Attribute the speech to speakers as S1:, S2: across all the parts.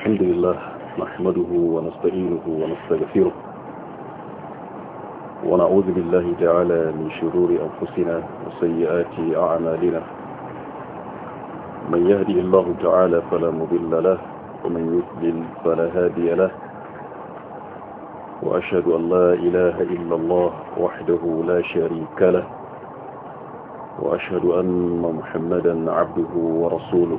S1: الحمد لله نحمده ونستعينه ونستغفره ونعوذ بالله تعالى من شرور أنفسنا وسيئات أعمالنا من يهدي الله تعالى فلا مضل له ومن يضلل فلا هادي له وأشهد أن لا إله إلا الله وحده لا شريك له وأشهد أن محمدا عبده ورسوله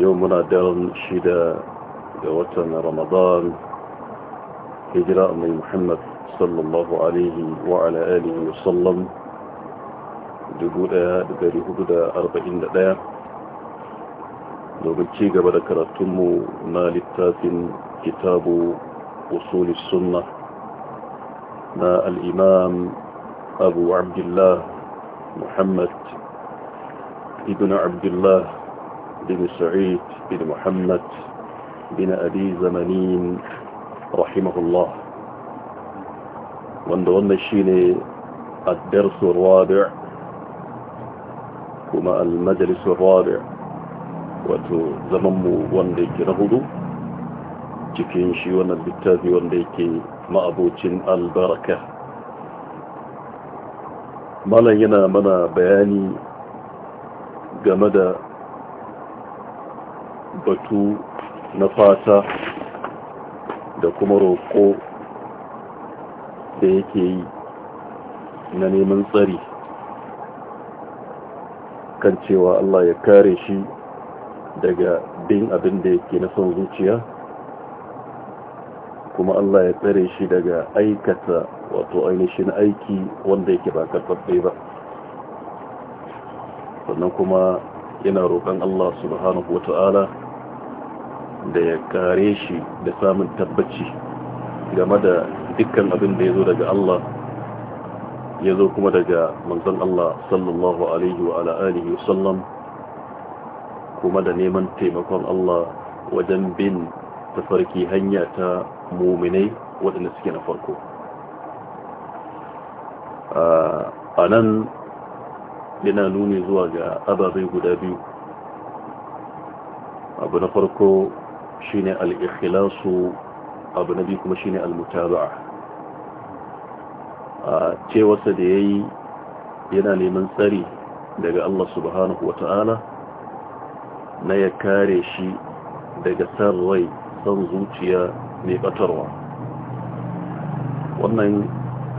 S1: يومنا دارن شيدا دوتن رمضان هجراء من محمد صلى الله عليه وعلى آله وسلم دقودا دقاري هدودا أربعين دا نوبتشي قبل كراتم ما التاثن كتاب أصول السنة ما الإمام أبو عبد الله محمد ابن عبد الله بن سعيد بن محمد بن أبي زمنين رحمه الله واندوان الشيني الدرس الرابع كما المجلس الرابع وتزمم وانديك نهدو cikin shi wannan littafi wanda yake ma'abocin albaraka malam yana mana bayani game da batu na fata da kuma roƙo da yake yi na neman tsari kan cewa Allah ya kare shi daga bin abin da yake na son zuciya kuma Allah ya tsare shi daga aikata wato ainihin aiki wanda yake ba karfafe ba sannan kuma yana roƙon Allah subhanahu wa ta'ala da ya kare shi da samun tabbaci game da dukkan abin da ya zo daga Allah ya zo kuma daga manzon Allah sallallahu alaihi wa alihi sallam kuma da neman taimakon Allah wajen bin tafarki hanya ta muminai waɗanda suke na farko a nan yana nuni zuwa ga ababai guda biyu abu na farko shine al-ikhlasu abu na biyu kuma shine al-mutaba'a a cewarsa da yayi yana neman tsari daga Allah subhanahu wata'ala na ya kare shi daga san rai san zuciya mai batarwa wannan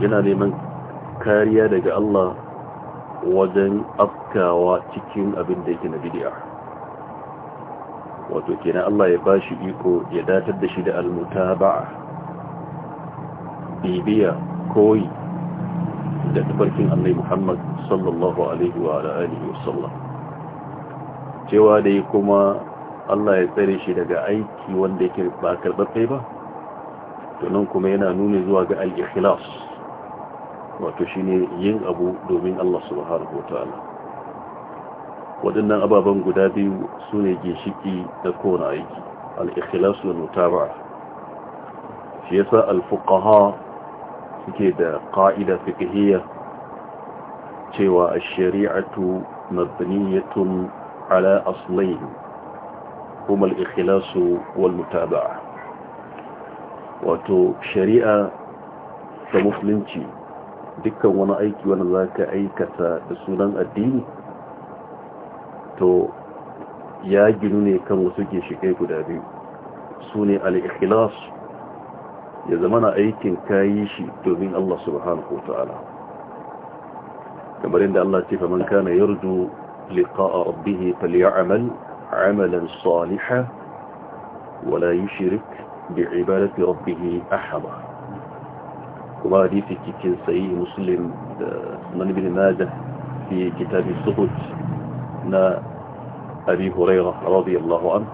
S1: yana neman kariya daga Allah wajen afkawa cikin abin da yake na bidiyar wato kenan Allah ya bashi iko ya datar da shi da almutaba'a bibiya koyi da tafarkin annai Muhammad sallallahu alaihi wa alihi wasallam cewa dai kuma Allah ya tsare shi daga aiki wanda yake ba karɓaɓɓe ba tunan kuma yana nuni zuwa ga al-ikhlas wato shine yin abu domin Allah subhanahu wa ta'ala waɗannan ababen guda biyu su ne ginshiki da kowane aiki al'ikhilas da mutaba shi yasa alfukaha suke da ƙa'ida fiƙihiyya cewa a shari'atu mabniyatun ala aslain kuma al'ikhilasu wal mutaba wato shari'a ta musulunci dukkan wani aiki wanda za ka aikata da sunan addini wato ya ginu ne kan wasu ginshikai guda biyu su ne al'ikhilas ya zama na aikin kayi shi domin Allah subhanahu wa ta'ala kamar yadda Allah ce man kana yarju liqa'a rabbih falyamal 'amalan saliha wala yi shirik yushrik bi'ibadati rabbih ahada kuma hadisi cikin sayi muslim da manubin ibn majah fi kitabin suhut حدثنا أبي هريرة رضي الله عنه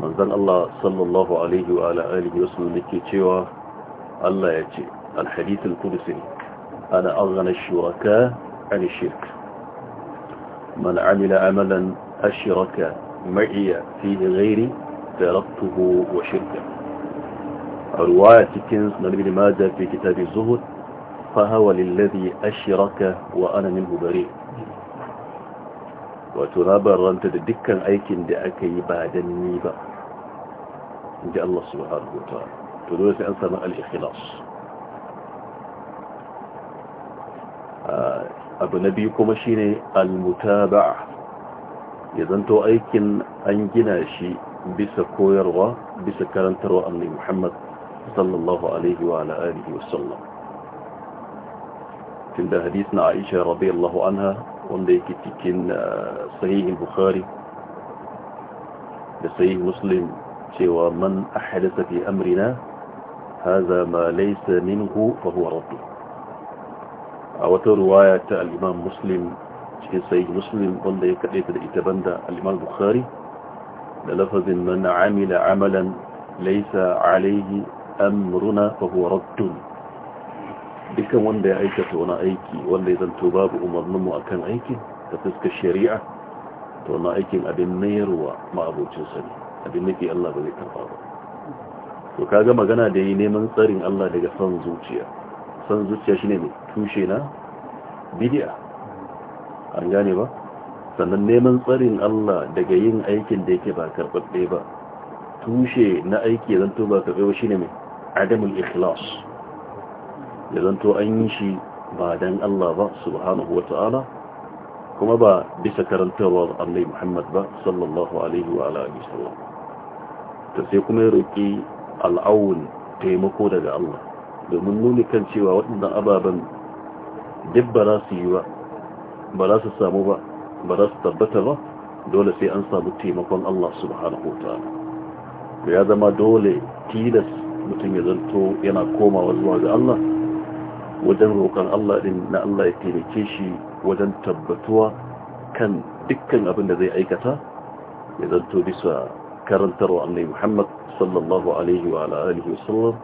S1: مزدان الله صلى الله عليه وعلى آله وسلم كيشيوا الله يأتي الحديث القدسي أنا أغنى الشركاء عن الشرك من عمل عملا الشركاء معي فيه غيري تركته وشركه رواية كنز من ماذا في كتاب الزهد فهو للذي أشرك وأنا منه بريء wato na barranta da dukkan aikin da aka yi ba dan ni ba inda Allah subhanahu wa ta'ala to dole sai an samu al-ikhlas abu na biyu kuma shine al-mutaba'a ya zanto aikin an gina shi bisa koyarwa bisa karantarwa annabi Muhammad sallallahu alaihi wa ala alihi wa sallam tunda hadisin Aisha radiyallahu anha wanda yake cikin sahihin bukhari da sahihin muslim cewa man ahadasa fi amrina haza ma laysa minhu fa huwa raddu a wata ruwaya ta al-imam muslim cikin sahihin muslim wanda ya kadaita da ita banda al-imam bukhari da lafazin man amila amalan laysa alayhi amruna fa huwa raddu dukkan wanda ya aikata wani aiki wanda ya zanto babu umarninmu a kan aikin ta fuskar shari'a ta wani aikin abin nayarwa ma'abocinsa ne abin nake Allah ba zai karɓa ba to kaga magana da yi neman tsarin Allah daga son zuciya son zuciya shine mai tushe na bidiya an gane ba sannan neman tsarin Allah daga yin aikin da yake ba karɓaɓɓe ba tushe na aiki zanto ba karɓe ba shine mai adamul ikhlas ya zanto an yi shi ba dan Allah ba subhanahu wata'ala kuma ba bisa karantarwar annai muhammad ba sallallahu alaihi wa alihi sallam ta sai kuma ya roƙi al'awun taimako daga Allah domin nuni kan cewa waɗannan ababen duk ba za su yi ba ba za su samu ba ba za su tabbata ba dole sai an samu taimakon Allah subhanahu wa ta'ala ya zama dole tilas mutum ya zanto yana komawa zuwa ga Allah wajen roƙon Allah ɗin na Allah ya taimake shi wajen tabbatuwa kan dukkan abin da zai aikata ya zanto bisa karantarwa annai Muhammad sallallahu alaihi wa Alaihi wa sallam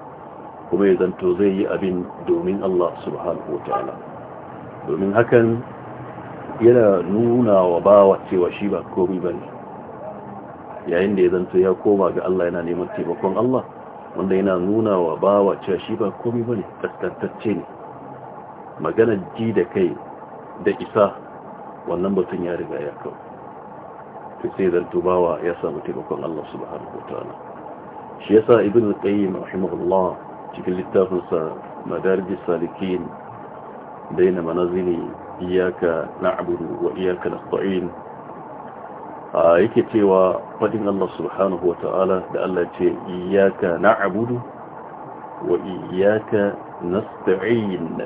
S1: kuma ya zanto zai yi abin domin Allah subhanahu wa ta'ala domin hakan yana nuna wa bawa cewa shi ba komai ne yayin da ya zanto ya koma ga Allah yana neman taimakon Allah wanda yana nuna wa bawa cewa shi ba komai ne ƙasƙantacce ne maganar ji da kai da isa wannan batun ya riga ya kawo to sai zanto bawa ya samu taimakon Allah subhanahu wataala shi yasa ibn al-qayyim rahimahullah cikin littafinsa sa madarij salikin baina manazili iyyaka na'budu wa iyyaka nasta'in yake cewa fadin Allah subhanahu wataala da Allah ce iyyaka na'budu wa iyyaka nasta'in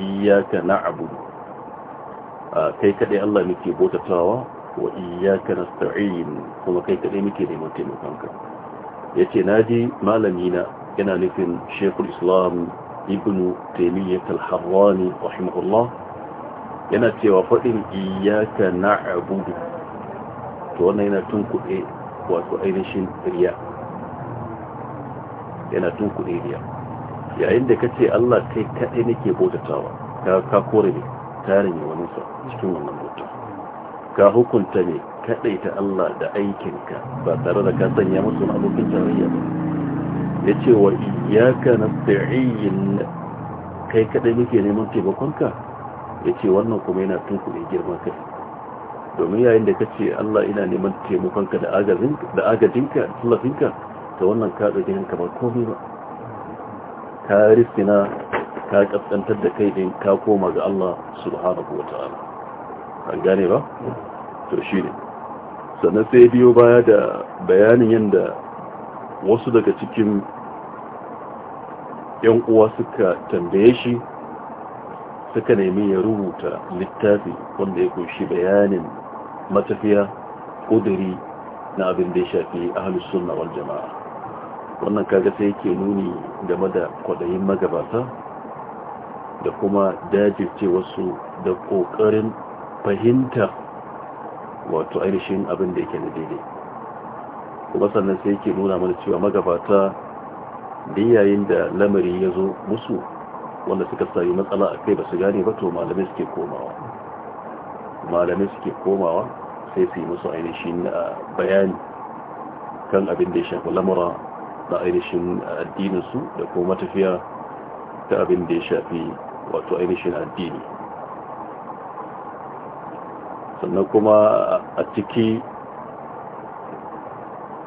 S1: iyaka na'budu kai kadai Allah muke bautatawa wa iyaka nasta'in kuma kai kadai muke neman taimakonka yace naji malami na yana nufin Sheikhul Islam Ibn Taymiyyah Al-Harrani rahimahullah yana cewa fadin iyaka na'budu to wannan yana tunkuɗe wato ainihin riya yana tun tunkuɗe riya yayin da kace Allah kai kadai nake bautatawa ka ka kore ne tare ne wani sa cikin wannan bauta ka hukunta ne kaɗai ta Allah da aikinka ba tare da ka sanya musu abokin tarayya ba yace wa iyyaka nasta'in kai kadai nake neman taimakonka yace wannan kuma yana tunkule girma kai domin yayin da kace Allah ina neman taimakonka da agajinka da agajinka tallafinka ta wannan ka tsage kamar komai ba ka rifina ka kaskantar da kai din ka koma ga Allah subhanahu ta'ala. an gane ba to shi ne. sannan sai biyo baya da bayanin yadda wasu daga cikin yan uwa suka tambaye shi suka nemi ya rubuta littafi wanda ya kunshi bayanin matafiya ƙudiri na abin da ya shafi ahalus sunna wal jama'a wannan kaga sai yake nuni game da kwaɗayin magabata da kuma dajirce wasu da ƙoƙarin fahimta wato ainihin abin da yake da daidai kuma sannan sai yake nuna mana cewa magabata da yayin da lamari ya zo musu wanda suka sami matsala a kai ba su gane ba to malamai suke komawa malamai suke komawa sai su yi musu ainihin ah, bayani kan abin da ya shafi lamura na ainihin addininsu da kuma matafiya ta abin da ya shafi wato ainihin addini sannan kuma a ciki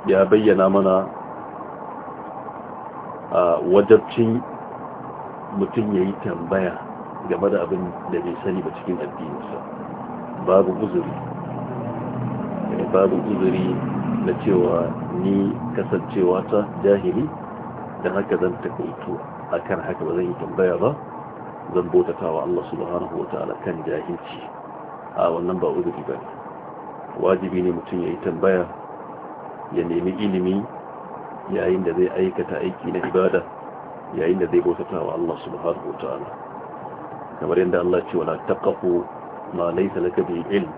S1: ya bayyana mana a wajabcin mutum ya yi tambaya game da abin da bai sani ba cikin addininsa babu uzuri babu uzuri na cewa ni kasancewa ta jahili da haka zan takaitu a kan haka ba zan yi tambaya ba zan bautata wa Allah subhanahu wa ta'ala kan jahilci a wannan ba uzuri ba wajibi ne mutum ya yi tambaya ya nemi ilimi yayin da zai aikata aiki na ibada yayin da zai bautata wa Allah subhanahu wa ta'ala kamar yadda Allah ce wala taqafu ma laysa laka bi ilm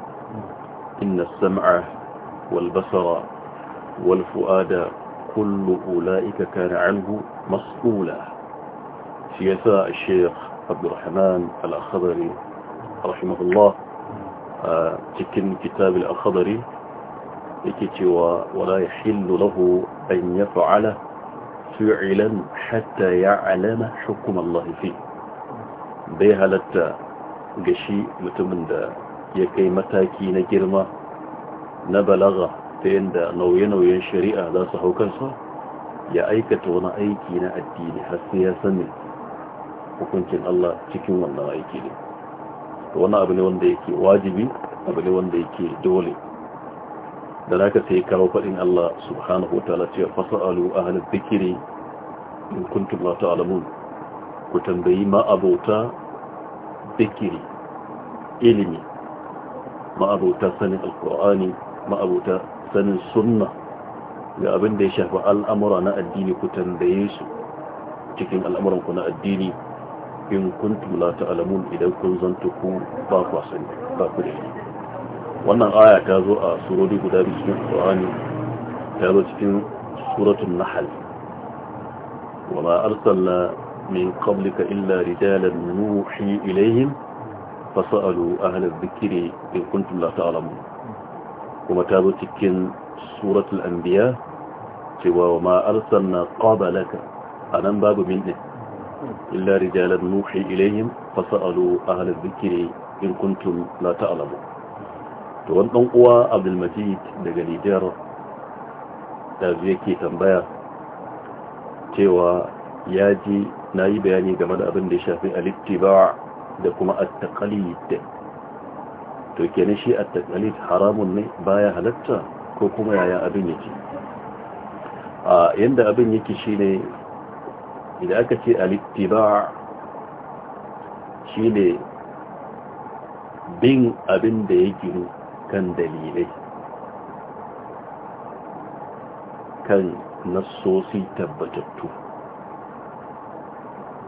S1: inna sama والبصر والفؤاد كل أولئك كان عنه مسؤولا سياسة الشيخ عبد الرحمن الأخضري رحمه الله آه، تكن كتاب الأخضري لكتوى ولا يحل له أن يفعل فعلا حتى يعلم حكم الله فيه بيها لتا قشي متمند يكي متاكين نجرمه na balaga ta yadda nauye-nauyen shari'a za su hau kansa ya aikata wani aiki na addini har sai ya sani hukuncin Allah cikin wannan aiki ne wani abu ne wanda yake wajibi abu ne wanda yake dole da naka sai karo faɗin Allah subhanahu wa ta'ala cewa fasa'alu ahlal dhikri in kuntum la ta'lamun ku tambayi ma abota ilimi ma abota sanin alqur'ani ma'abuta sanin sunna ga abin da ya shafi al'amura na addini ku tambaye su cikin al'amuranku na addini in tula ta alamun idan kun zanto ku ba ku sani ba ku da wannan aya ta zo a surori guda biyu cikin Qur'ani ta zo cikin suratul Nahl wama arsalna min qablika illa rijalan nuhi ilayhim fasalu ahla adh-dhikri in kuntum la ta'lamun kuma ta zo cikin suratul anbiya cewa wa ma arsalna qabalaka anan babu min din illa rijalan nuhi ilayhim fasalu ahla dhikri in kuntum la ta'lamu to wannan dan uwa Abdul Majid daga Nijar da yake tambaya cewa ya ji nayi bayani game da abin da ya shafi al-ittiba' da kuma at-taqlid to kenan shi a taqalid haramun ne baya halatta ko kuma yaya abin yake a yanda abin yake shine idan aka ce al-ittiba' shine bin abin da yake kan dalilai kan nassosi tabbatattu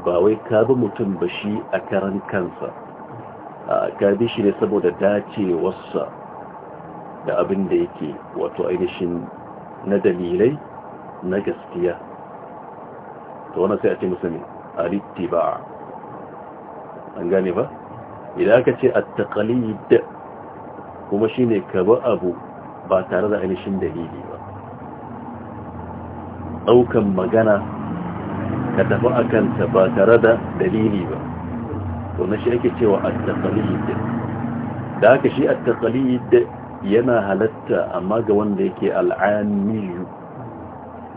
S1: ba wai ka bi mutum ba shi a karan kansa ka shi ne saboda dacewarsa da abin da yake wato ainihin na dalilai na gaskiya ta wani sai a ce musamman musulmi ba an gane ba idan aka ce a takali da kuma shi ne kaba abu ba tare da ainihin dalili ba daukan magana ka tafi akanta ba tare da dalili ba to na shi ake cewa at-taqlid da haka shi at-taqlid yana halatta amma ga wanda yake al'amiyu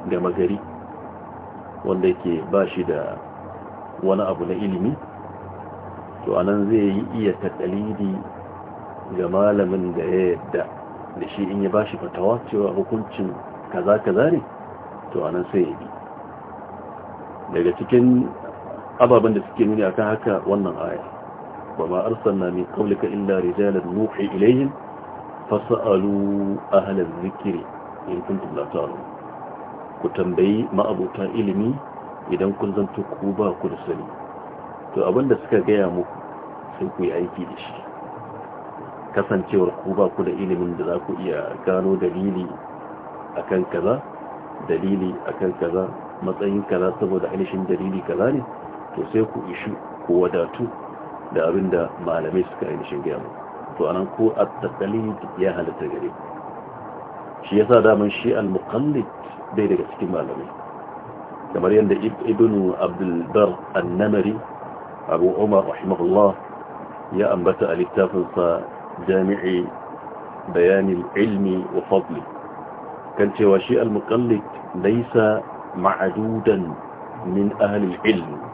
S1: ga magari wanda yake ba shi da wani abu na ilimi to anan zai yi iya taqlidi ga malamin da ya yadda da shi in ya ba shi fatawa cewa hukuncin kaza kaza ne to anan sai ya bi daga cikin ababen da suke nuni akan haka wannan aya wa ma arsalna min qablika illa rijalan nuhi ilayhim fasalu ahla dhikri in kuntum la ta'lamun ku tambayi ma'abuta ilimi idan kun zanto ku ba ku da sani to abinda suka gaya muku sai ku yi aiki da shi kasancewar ku ba ku da ilimin da za ku iya gano dalili akan kaza dalili akan kaza matsayin kaza saboda ainihin dalili kaza ne to sai ku ishi ku wadatu da abin da malamai suka ainihin gaya mu to anan ko a takalid ya halata gare shi yasa daman shi al-muqallid bai daga cikin malamai kamar yadda ibnu abdul bar an-namari abu umar rahimahullah ya ambata a littafinsa jami'i bayanin ilmi wa fadli kan cewa shi al-muqallid laysa ma'dudan min ahli al-ilm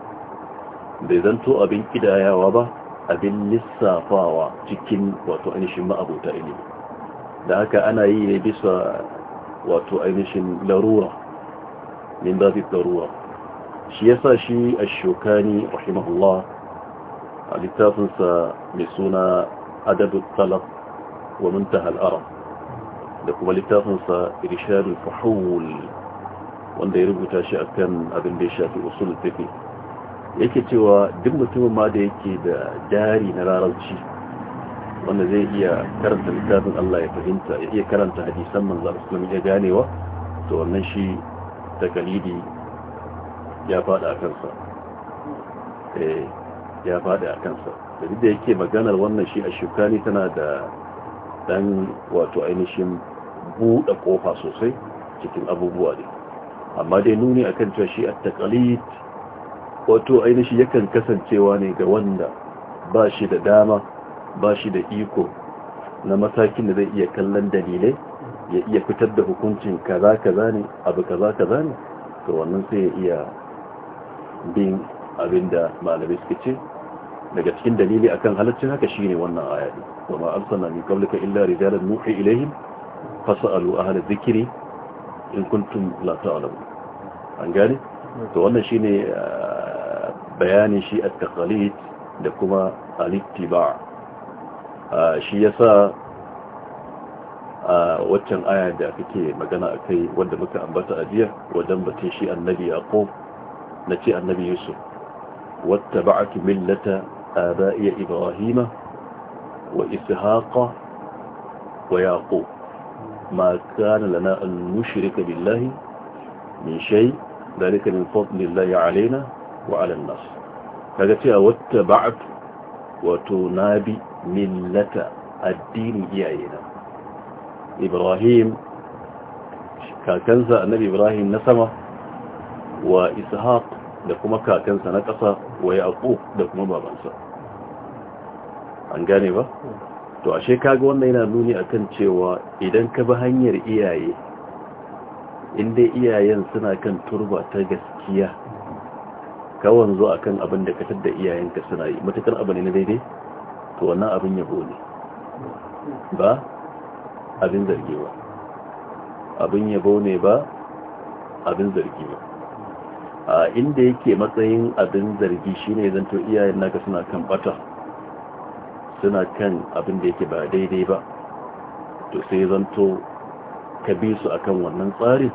S1: bai zanto abin kidayawa ba abin lissafawa cikin wato ainihin ma'abuta ilimi da haka ana yi ne bisa wato ainihin larura min babi larura shi yasa shi a shukani rahimahullah a littafinsa mai suna adabu talab wa muntaha al da kuma littafinsa irshad al wanda ya rubuta shi kan abin da ya shafi usul tafi. yake cewa duk mutumin ma da yake da jari na rarauci, wanda zai iya karanta littafin Allah ya fahimta ya iya karanta hadisan manzo Allah ya ganewa to wannan shi takalidi ya fada a kansa eh ya fada a kansa da duk da yake maganar wannan shi a shukani tana da dan wato ainihin buɗe kofa sosai cikin abubuwa ne amma dai nuni akan cewa shi at taqlid wato ainihi yakan kasancewa ne ga wanda ba shi da dama ba shi da iko na matakin da zai iya kallon dalilai ya iya fitar da hukuncin kaza kaza ne abu kaza kaza ne to wannan sai ya iya bin abin da malamai suka ce daga cikin dalili akan halaccin haka shine wannan aya ne wa ma arsalna min qablika illa rijalan nuhi ilaihim fasalu ahla dhikri in kuntum la ta'lamun an gane to wannan shine bayanin shi at-taqalid da kuma al-ittiba shi yasa a waccan aya da kake magana akai kai wanda muka ambata ajiya jiya wajen batun shi annabi yaqub na ce annabi yusuf wattaba'tu millata abaiya ibrahima wa ishaqa wa yaqub ma kana lana an nushrika billahi min shay dalika min fadlillahi alaina wa alannas kaga cewa wata ba'at wato nabi bi millata addinin iyayena ibrahim kakansa annabi ibrahim na sama wa ishaq da kuma kakansa na ƙasa wa yaqub da kuma babansa an gane ba to ashe kaga wannan yana nuni akan cewa idan ka bi hanyar iyaye inda iyayen suna kan turba ta gaskiya ka a kan abin da ka tadda iyayenka suna yi matukar abu ne na daidai to wannan abin yabo ne ba abin zargi ba abin yabo ne ba abin zargi ba a inda yake matsayin abin zargi shine zanto iyayen naka suna kan bata suna kan abin da yake ba daidai ba to sai zanto ka bi su akan wannan tsarin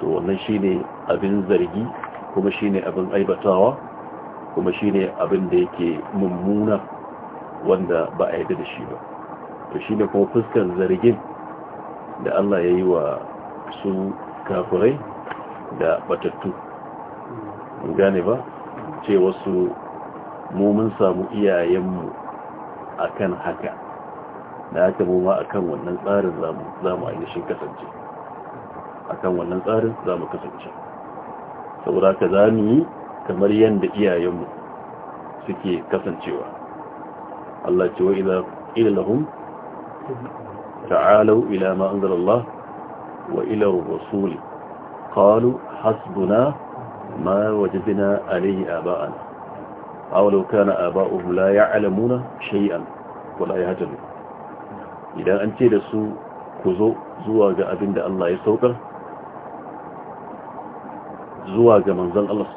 S1: to wannan shi ne abin zargi kuma shine abin aibatawa kuma shine abin da yake mummuna wanda ba a yadda da shi ba to shine kuma fuskar zargin da Allah ya yi wa su kafirai da batattu gane ba ce wasu mu samu iyayenmu akan haka da haka mu ma akan wannan tsarin zamu ainihin kasance akan wannan tsarin zamu kasance saboda ka za mu yi kamar yadda iyayenmu suke kasancewa Allah ce wa ila lahum ta'alau ila ma anzalallah wa ila rasuli qalu hasbuna ma wajadna alayhi aba'ana aw law kana aba'uhum la ya'lamuna shay'an wa la yahtadun idan an ce da su ku zo zuwa ga abin da Allah ya saukar zuwa ga manzon Allah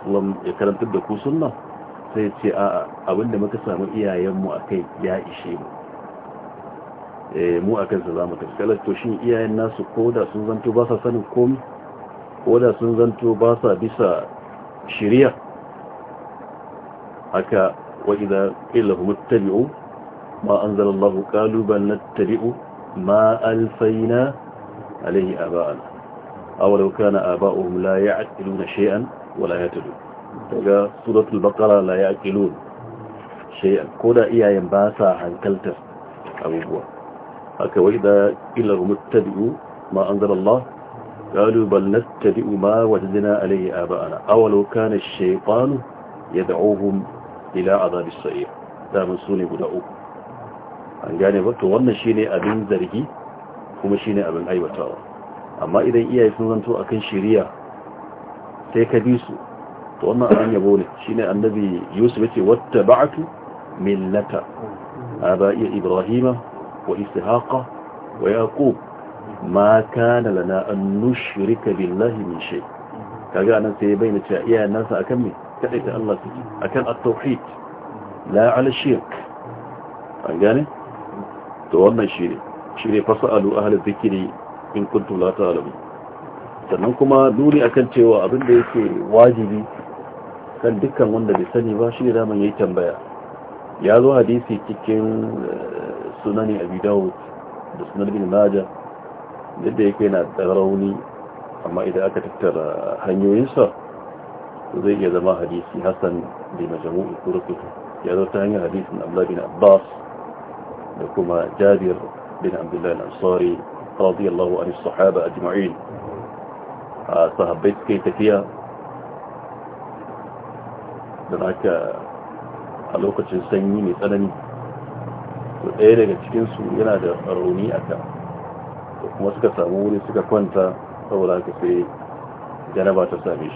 S1: ya karantar da ku sunna sai ce a abinda muka samu iyayenmu kai ya ishe mu eh mu akan sa zamu tafi to iyayen nasu da sun zanto ba sa sanin ko da sun zanto ba sa bisa shirya haka wa idza qila hum ittabi'u ma anzala Allah qalu bal nattabi'u ma alfayna a aba'ana awalau kana aba'uhum la ya'qiluna shay'an wa la yahtadun daga suratul baqara la ya'qilun shay'an koda iyayen ba sa hankaltar abubuwa haka wajda illa muttabi'u ma anzala Allah قالوا بل ma ما وجدنا عليه آباءنا أولو كان الشيطان يدعوهم إلى عذاب السعير da mun su ne guda uku an gane ba to wannan shine abin zargi kuma shine abin aiwatawa amma idan iyaye sun zanto akan shiriya sai ka bi su to wannan an yabo ne an annabi yusuf yace wattaba'tu millata iya ibrahima wa isihaka wa yakub ma kana lana an nushrika billahi min shay kaga anan sai bai na cewa iyayen nasa akan mai kadai ta Allah suke akan at-tauhid la ala shirk an gane to wannan shi ne shi ne fasalu ahli dhikri in kuntu la ta'lamu sannan kuma duri akan cewa abin da yake wajibi kan dukkan wanda bai sani ba shi da man yayi tambaya ya zo hadisi cikin eh, sunani abi dawud da sunan bin majah yadda yake yana da rauni amma idan aka tattara hanyoyinsa zai iya zama hadisi hasan da majamu'i turkutu ya zo ta hanyar hadisin abdullahi bin abbas da kuma jabir bin abdullahi al-ansari رضي الله عن الصحابة أجمعين صحبت كي تفيا هناك علاقة سنين مثلا ɗaya daga cikinsu yana da rauni a kan kuma suka samu wuri suka kwanta saboda haka sai janaba ta same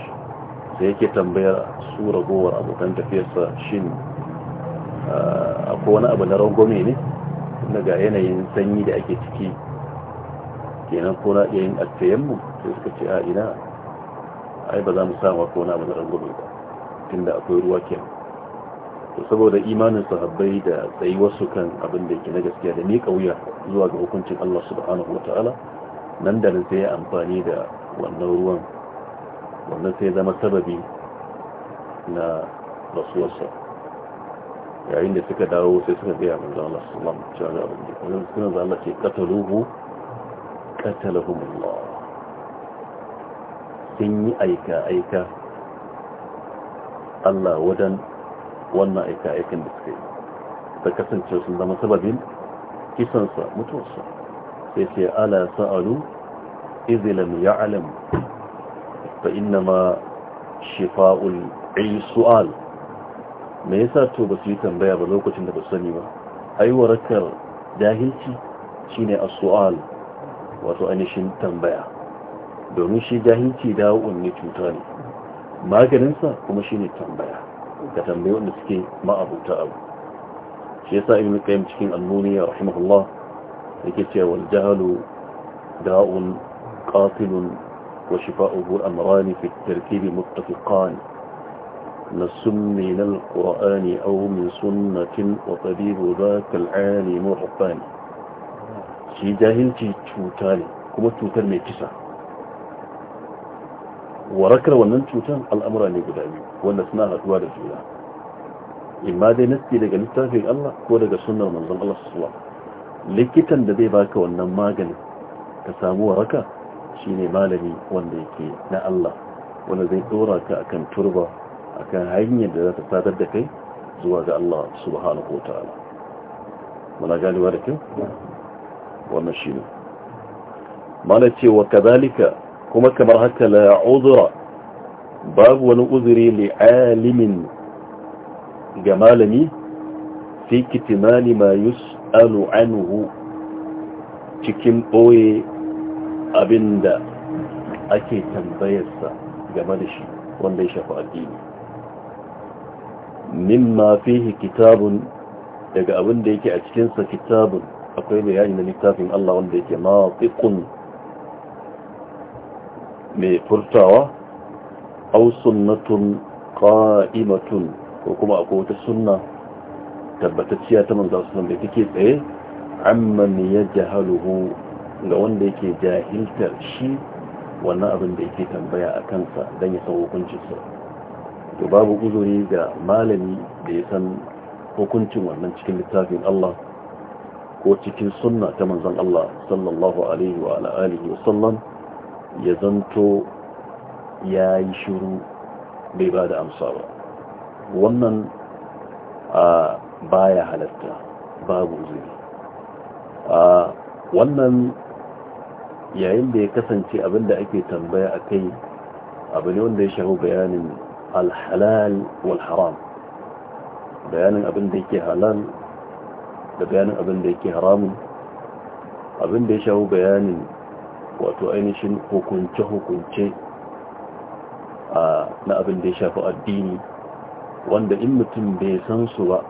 S1: sai yake tambaya su ragowar abokan tafiyarsa shin uh, akwai wani abu na rangwame ne daga yanayin sanyi da ake ciki kenan ko na iya yin mu sai suka ce a ina ai ba za mu samu ko na mazarar gudu ba tunda akwai ruwa kenan to saboda imanin sahabbai da tsayi wasu kan abin da ke na gaskiya da ni wuya zuwa ga hukuncin Allah subhanahu wataala nan da nan sai ya amfani da wannan ruwan wannan sai zama sababi na rasuwarsa yayin da suka dawo sai suka gaya manzo Allah sallallahu alaihi wasallam cewa abin da kuma Allah ce kataluhu qatalahumullah sun yi aika-aika Allah wajen wannan aika-aikan da suka yi ta kasance sun zama sababin kisansa mutuwarsa sai ce ala sa'alu izilam ya'alam fa inna ma shifa'ul su'al me yasa to ba su yi tambaya ba lokacin da ba sani ba ai warakar jahilci shine as-su'al wato ainihin tambaya domin shi jahilci da unni cuta ne maganinsa kuma shi ne tambaya ka tambayi wanda suke ma'abuta abu shi yasa ibn qayyim cikin annuniya rahimahullah yake cewa wal jahalu da'un qatilun wa shifa'uhu amran fi at-tarkib muttafiqan نسم من القرآن أو من سنة وطبيب ذاك العالم عقباني shi jahilci cuta ne kuma cutar mai kisa warakar wannan cutar al'amura ne guda biyu wanda suna haɗuwa da juna imma dai nasti daga littafin Allah ko daga sunnar manzon Allah suwa likitan da zai baka wannan magani ka samu waraka shine malami wanda yake na Allah wanda zai dora ka akan turba akan hanyar da za ta sadar da kai zuwa ga Allah subhanahu wataala muna ganewa da kyau wannan shi ne mana ce wa kazalika kuma kamar haka la uzura babu wani uzuri li alimin ga malami fi kitimani ma yus'alu anhu cikin boye abinda ake tambayarsa game da shi wanda ya shafa addini mimma fihi kitabun daga abinda yake a cikinsa kitabun akwai bayani na littafin Allah wanda yake mafiqun mai furtawa au sunnatun qa'imatun ko kuma akwai wata sunna tabbatacciya ta manzo sunan da take tsaye amman jahaluhu ga wanda yake jahiltar shi wannan abin da yake tambaya a kansa don ya san hukuncinsa to babu uzuri ga malami da ya san hukuncin wannan cikin littafin Allah ko cikin sunna ta manzon Allah sallallahu alaihi wa alihi wa sallam ya zanto ya yi shiru bai ba da amsa ba wannan a baya halatta babu zuri a wannan yayin da ya kasance abinda ake tambaya a kai abu ne wanda ya shahu bayanin alhalal wal haram bayanin abinda yake halal da bayanin abin da yake haramun abin da ya shawo bayanin wato ainihin hukunce-hukunce na abin da ya shafi addini wanda in mutum bai san su ba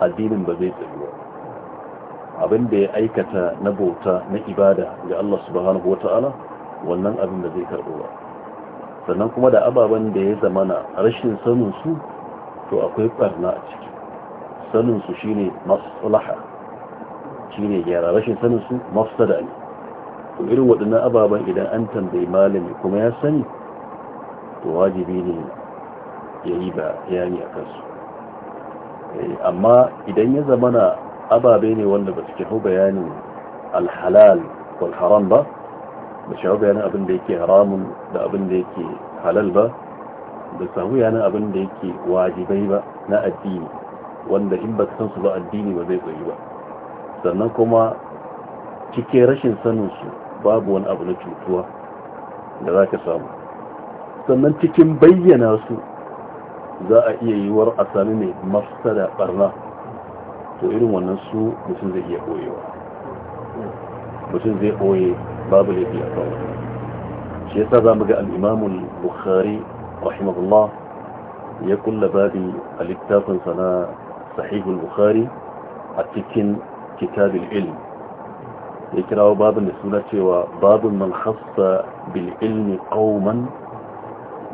S1: addinin ba zai tsari ba abin da ya aikata na bauta na ibada ga Allah subhanahu wata'ala wannan abin da zai karɓo ba sannan kuma da ababen da ya zamana rashin sanin su to akwai ɓarna a ciki Saninsu su shine maslaha shine gyara rashin sanin su mafsada ne irin waɗannan ababen idan an tambayi malami kuma ya sani to wajibi ne ya yi ba yani a kansu eh, amma idan ya zamana ababe ne wanda ba su kyahu bayanin alhalal wal haram ba ba shi bayanin abin da yake haramun da abin da yake halal ba da sahu yanin abin da yake wajibai ba na addini wanda in ba san su ba addini ba zai tsayi ba sannan kuma cike rashin sanin su babu wani abu na cutuwa da za ka samu sannan cikin bayyana su za a iya yiwuwar a sami mai mafsada barna to irin wannan su mutum zai iya koyewa mutum zai koye babu laifi a kawo shi yasa za mu ga al'imamun bukhari rahimahullah ya kulla babi a littafinsa na sahihul bukhari a cikin kitabul ilm ya kirawo babin da suna cewa babin man khassa bil ilmi qauman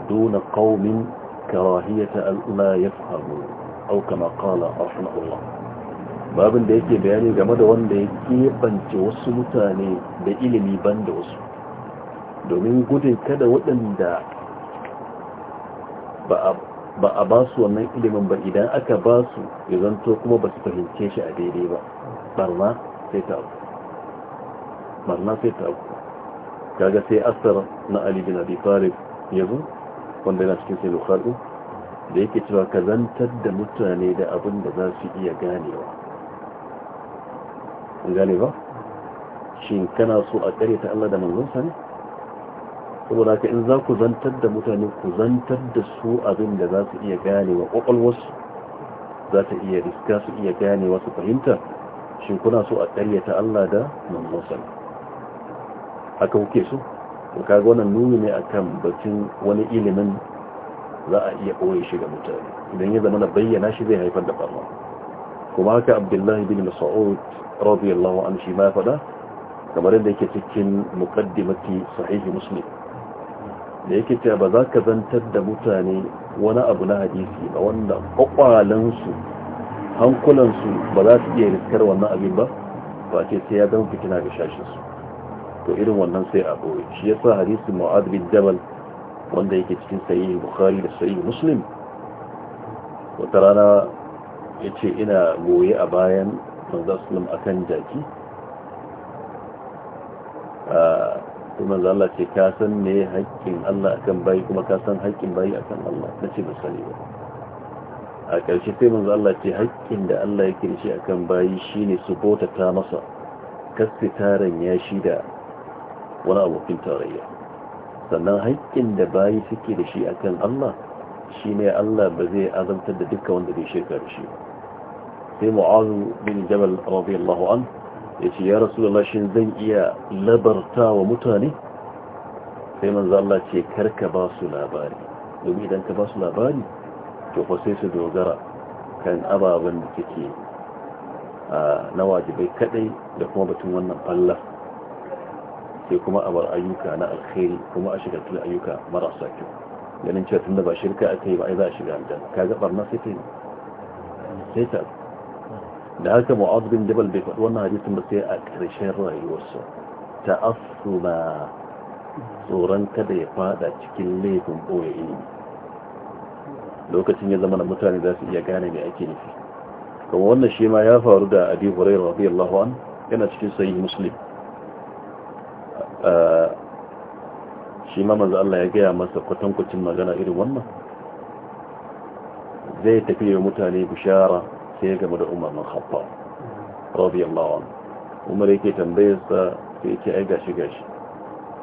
S1: duna qaumin karahiyata al'ula yafhamu aw kama qala rahimahullah babin da yake bayani game da wanda ya keɓance wasu mutane da ilimi banda wasu domin gudun kada waɗanda ba a ba a ba su wannan ilimin ba idan aka ba su ya zanto kuma ba su fahimce shi a daidai ba barna sai ta abu barna sai ta abu kaga sai asar na ali bin abi talib yazo wanda yana cikin sai bukhari da yake cewa ka zantar da mutane da abin da za su iya ganewa gane ba shin kana so a kare ta Allah da manzon sa ne saboda ka in za ku zantar da mutane ku zantar da su abin da za su iya ganewa su, za ta iya riska su iya ganewa su fahimta shi kuna so a ta Allah da manzonsa haka kuke so to kaga wannan nuni ne akan batun wani ilimin za a iya ɓoye shi ga mutane idan ya zama na bayyana shi zai haifar da ɓarna kuma haka abdullahi bin mas'ud radiyallahu an shi ma faɗa kamar yadda yake cikin muqaddimati sahihi muslim da yake cewa ba za ka zantar da mutane wani abu na hadisi ba wanda kwakwalansu hankulansu ba za su iya riskar wannan abin ba ba ce sai ya zama fitina ga shashinsu to irin wannan sai a ɓoye shi ya sa hadisi mu'ad bin jabal wanda yake cikin sayi bukhari da sayi muslim wata rana ya ce ina goye a bayan manzan sulam a kan jaki ah, sai manzo Allah ce ka san me haƙƙin Allah akan bayi kuma ka san haƙƙin bayi akan Allah kace ba sani ba a ƙarshe sai manzo Allah ce haƙƙin da Allah yake da shi akan bayi ne su bota ta masa kasu taron ya shi da wani abokin tarayya sannan haƙƙin da bayi suke da shi akan Allah shine Allah ba zai azamtar da duka wanda bai shirka da shi sai mu'azu bin jabal radiyallahu anhu ya ce ya rasu da zan iya labarta wa mutane sai manzo Allah ce karka ba su labari domin idan ka ba su labari to fa sai su dogara kan ababen da suke na wajibai kadai da kuma batun wannan falla sai kuma a bar ayyuka na alkhairi kuma a shiga tun ayyuka marasa kyau ganin cewa tun da ba shirka aka yi ba ai za a shiga aljanna kaga barna sai ta sai ta da haka mu'ad bin jabal bai faɗi wannan hadisin ba sai a ƙarshen rayuwarsa ta'assuma tsoron kada ya fada cikin laifin ɓoye ilimi lokacin ya zama na mutane za su iya gane mai ake nufi kuma wannan shi ma ya faru da abi hurairu radiyallahu an yana cikin sayi muslim shi ma manzo Allah ya gaya masa kwatankwacin magana irin wannan zai tafi mutane bishara sai ya gaba da umar bin khattab radiyallahu anhu umar yake tambayar sa sai yake ai gashi gashi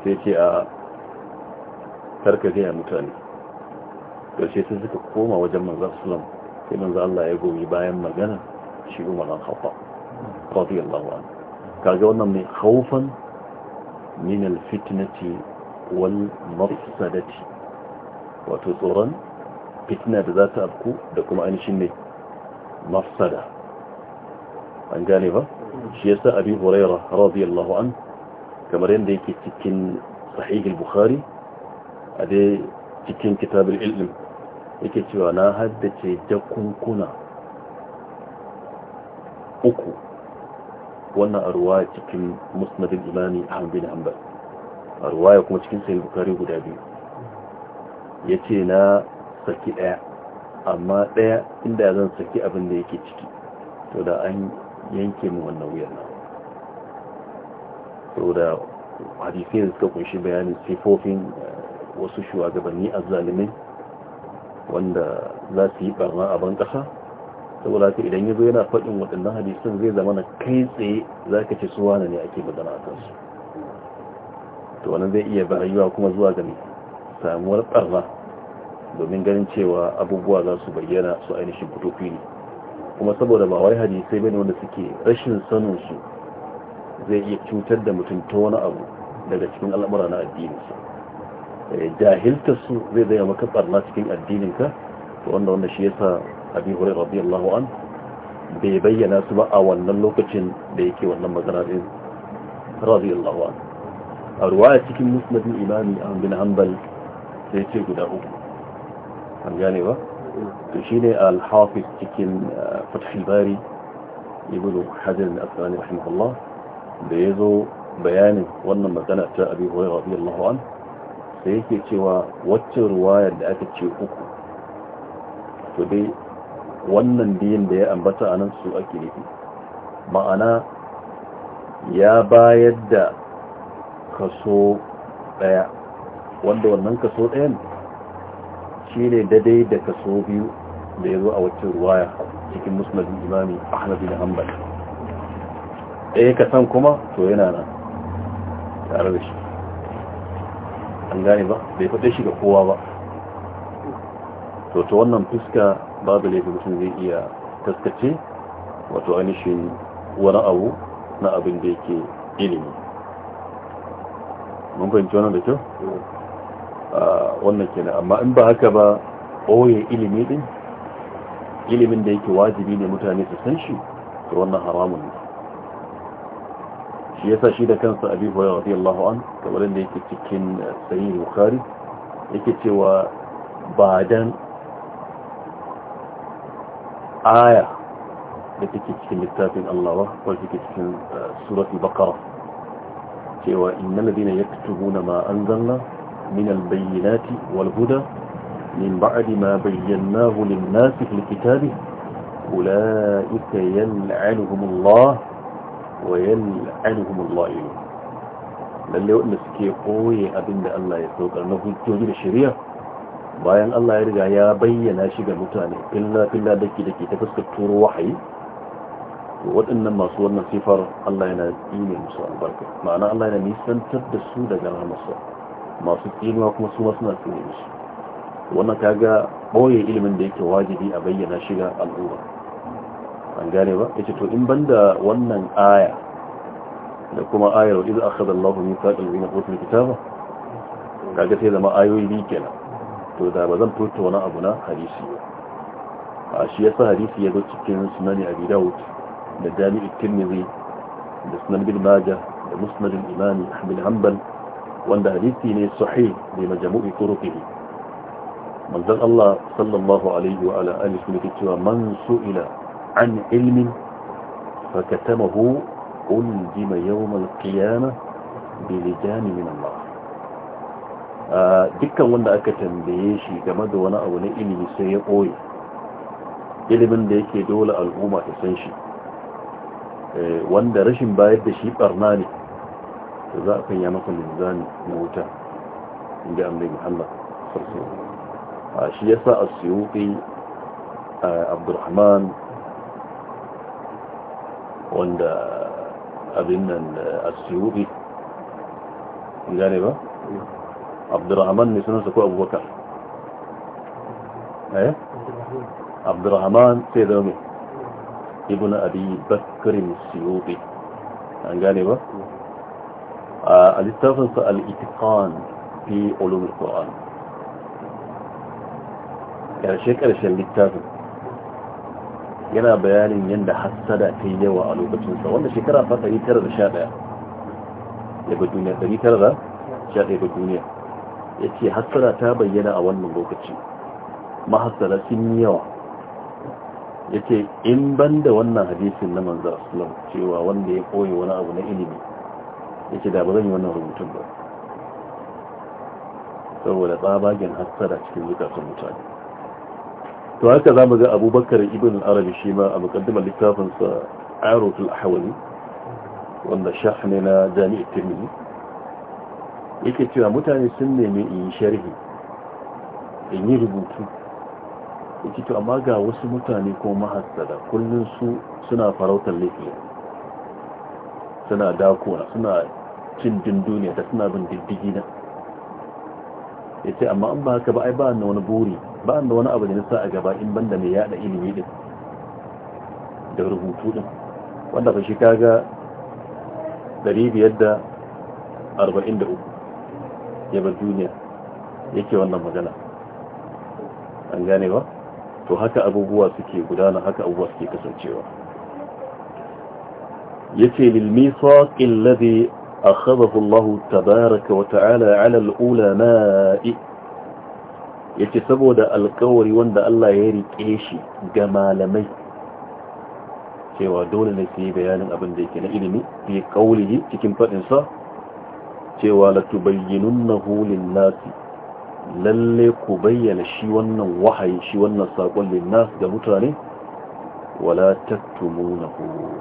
S1: sai yake a tarka ga mutane karshe sai suka koma wajen manzan sulam sai manzan Allah ya gobe bayan magana shi umar bin khattab radiyallahu anhu kaga wannan mai khaufan minal fitnati wal mafsadati wato tsoron fitna da za ta afku da kuma ainihin ne mafsada an gane ba shi yasa abi huraira radiyallahu an kamar yadda yake cikin sahih al-bukhari a dai cikin kitab al-ilm yake cewa na haddace jakunkuna uku wannan a cikin musnadin imani ahmad bin hanbal a kuma cikin sahih al-bukhari guda biyu yace na saki daya amma ɗaya inda zan saki abin da yake ciki to da an yanke mu wannan wuyar nan to da hadisin suka kunshi bayanin sifofin eh, wasu shugabanni azzalumi wanda za su yi barna a ban kasa saboda ka idan yi zo yana faɗin waɗannan hadisan zai zama na kai tsaye za ka ci su wane ne ake magana a kansu to wannan zai iya barayuwa kuma zuwa ga samuwar barna domin ganin cewa abubuwa za su bayyana su ainihin fito ne kuma saboda ba wai hadisai bane wanda suke rashin sanin su zai iya cutar da mutum ta wani abu daga cikin al'amura na addininsa eh, jahilta su zai zai maka barna cikin addinin ka wanda wanda shi yasa abin hurai radiyallahu an bai bayyana su ba a wannan lokacin da yake wannan magana din radiyallahu an a ruwaya cikin musnadin imami a bin hanbal sai ce guda uku an gane ba to shi al-hafiz cikin uh, fatahilbari bari ibn hajar al-asqalani rahimahullah da ya zo bayanin wannan magana ta abi hurairah radiyallahu an sai yake cewa wacce ruwayar da aka ce uku to dai wannan biyan da ya ambata a nan su ake nufi ma'ana ya bayar da kaso daya wanda wannan kaso dayan shine daidai da kaso biyu da ya zo a wacce ruwaya cikin musulmanin imami ahmad da hanbal ɗaya eh, ka san kuma to yana nan tare da shi an gane ba bai faɗe shi ga kowa ba to ta wannan fuska babu laifin mutum zai iya taskace wato ainihin wani abu na abin da yake ilimi mun fahimci wannan da kyau wannan kenan amma in ba haka ba boye ilimi din? ilimin da yake wajibi ne mutane su san shi to wannan haramun ne shi yasa shi da kansa abi hurairah radiyallahu an kamar da yake cikin sahih bukhari yake cewa ba dan aya da take cikin littafin Allah ba ko take cikin eh, suratul baqara cewa innal ladina yaktubuna ma anzalna من البينات والهدى من بعد ما بيناه للناس في الكتاب أولئك يلعنهم الله ويلعنهم الله إليه لن لو سكي قوي أبن الله يسوك أنه يتوجد الشريعة بايان الله يرجع يا بينا شيء متاني كلا كلا دكي دكي تفسك التور وحي وإنما صورنا سفر الله ينادي من المسوى البركة معنى الله ينادي سنتد السودة جلال المسوى masu tsinuwa kuma su wasu na tsine ka wannan kaga ɓoye ilimin da yake wajibi a bayyana shiga al'umma an gane ba yace to in banda wannan aya da kuma ayar idza akhadha Allahu mithaqal ladina utul kitaba ga sai zama ayoyi biyu kenan to da ba zan furta wani abu na hadisi ba a shi yasa hadisi ya zo cikin sunani abi da jami'in Tirmizi, da sunan bin da musnadin al-imam hanbal wanda hadisi ne sahih ne majmu'i turuqihi manzon Allah sallallahu alaihi wa ala alihi yake cewa man su'ila an ilmin fakatamahu uljima yawm al-qiyamah bi lijani min Allah dukkan wanda aka tambaye shi game da wani abu na ilimi sai ya koyi ilimin da yake dole al'umma ta san shi eh, wanda rashin bayar da shi barna ne to za a sanya maka linzami na wuta inda annabi Allah sarsu a shi yasa as-suyuti Abdurrahman wanda abin nan as-suyuti gane ba Abdurrahman ne sunan sa ko Abubakar eh Abdurrahman sai da mu ibn Abi Bakr as-Suyuti an gane ba a littafinsa al'itikan fi olumin ƙoran ƙarshe-ƙarshen littafin yana bayanin yadda hassada ta yi yawa a lokacinsa wanda shekara fata ya daga duniya 911 daga duniya ya ce hassada ta bayyana a wannan lokaci mahassada sun yi yawa ya ce in ban da wannan hadisin na manzara sulam cewa wanda ya koyi wani abu na ilimi yake da ba zan yi wannan rubutun ba saboda tsabagen hasara cikin zukatun mutane to haka za mu ga abubakar ibn arabi shi ma a mukaddimar littafinsa arotul ahawali wanda shah ne na jami'ar tirmidhi yake cewa mutane sun nemi in yi sharhi in yi rubutu yake to amma ga wasu mutane ko mahasada kullum su suna farautar laifin suna dakona suna cin dunduniya da suna bin diddigi na ya ce amma an ba haka ba ai ba na wani buri ba na wani abu da nisa a gaba in banda mai yada ilimi din da rubutu din wanda fashi kaga 543 ya bar duniya yake wannan magana an gane ba to haka abubuwa suke gudana haka abubuwa suke kasancewa yace lil misaqil ladhi أخذه الله تبارك وتعالى على العلماء yace saboda alkawari wanda Allah ya yi riƙe shi ga malamai cewa dole ne su bayanin abin da yake na ilimi fi kaulihi cikin fadin sa cewa la tubayyinunnahu lin-nasi lalle ku bayyana shi wannan wahayi shi wannan sakon lin-nas ga mutane wala tattumunahu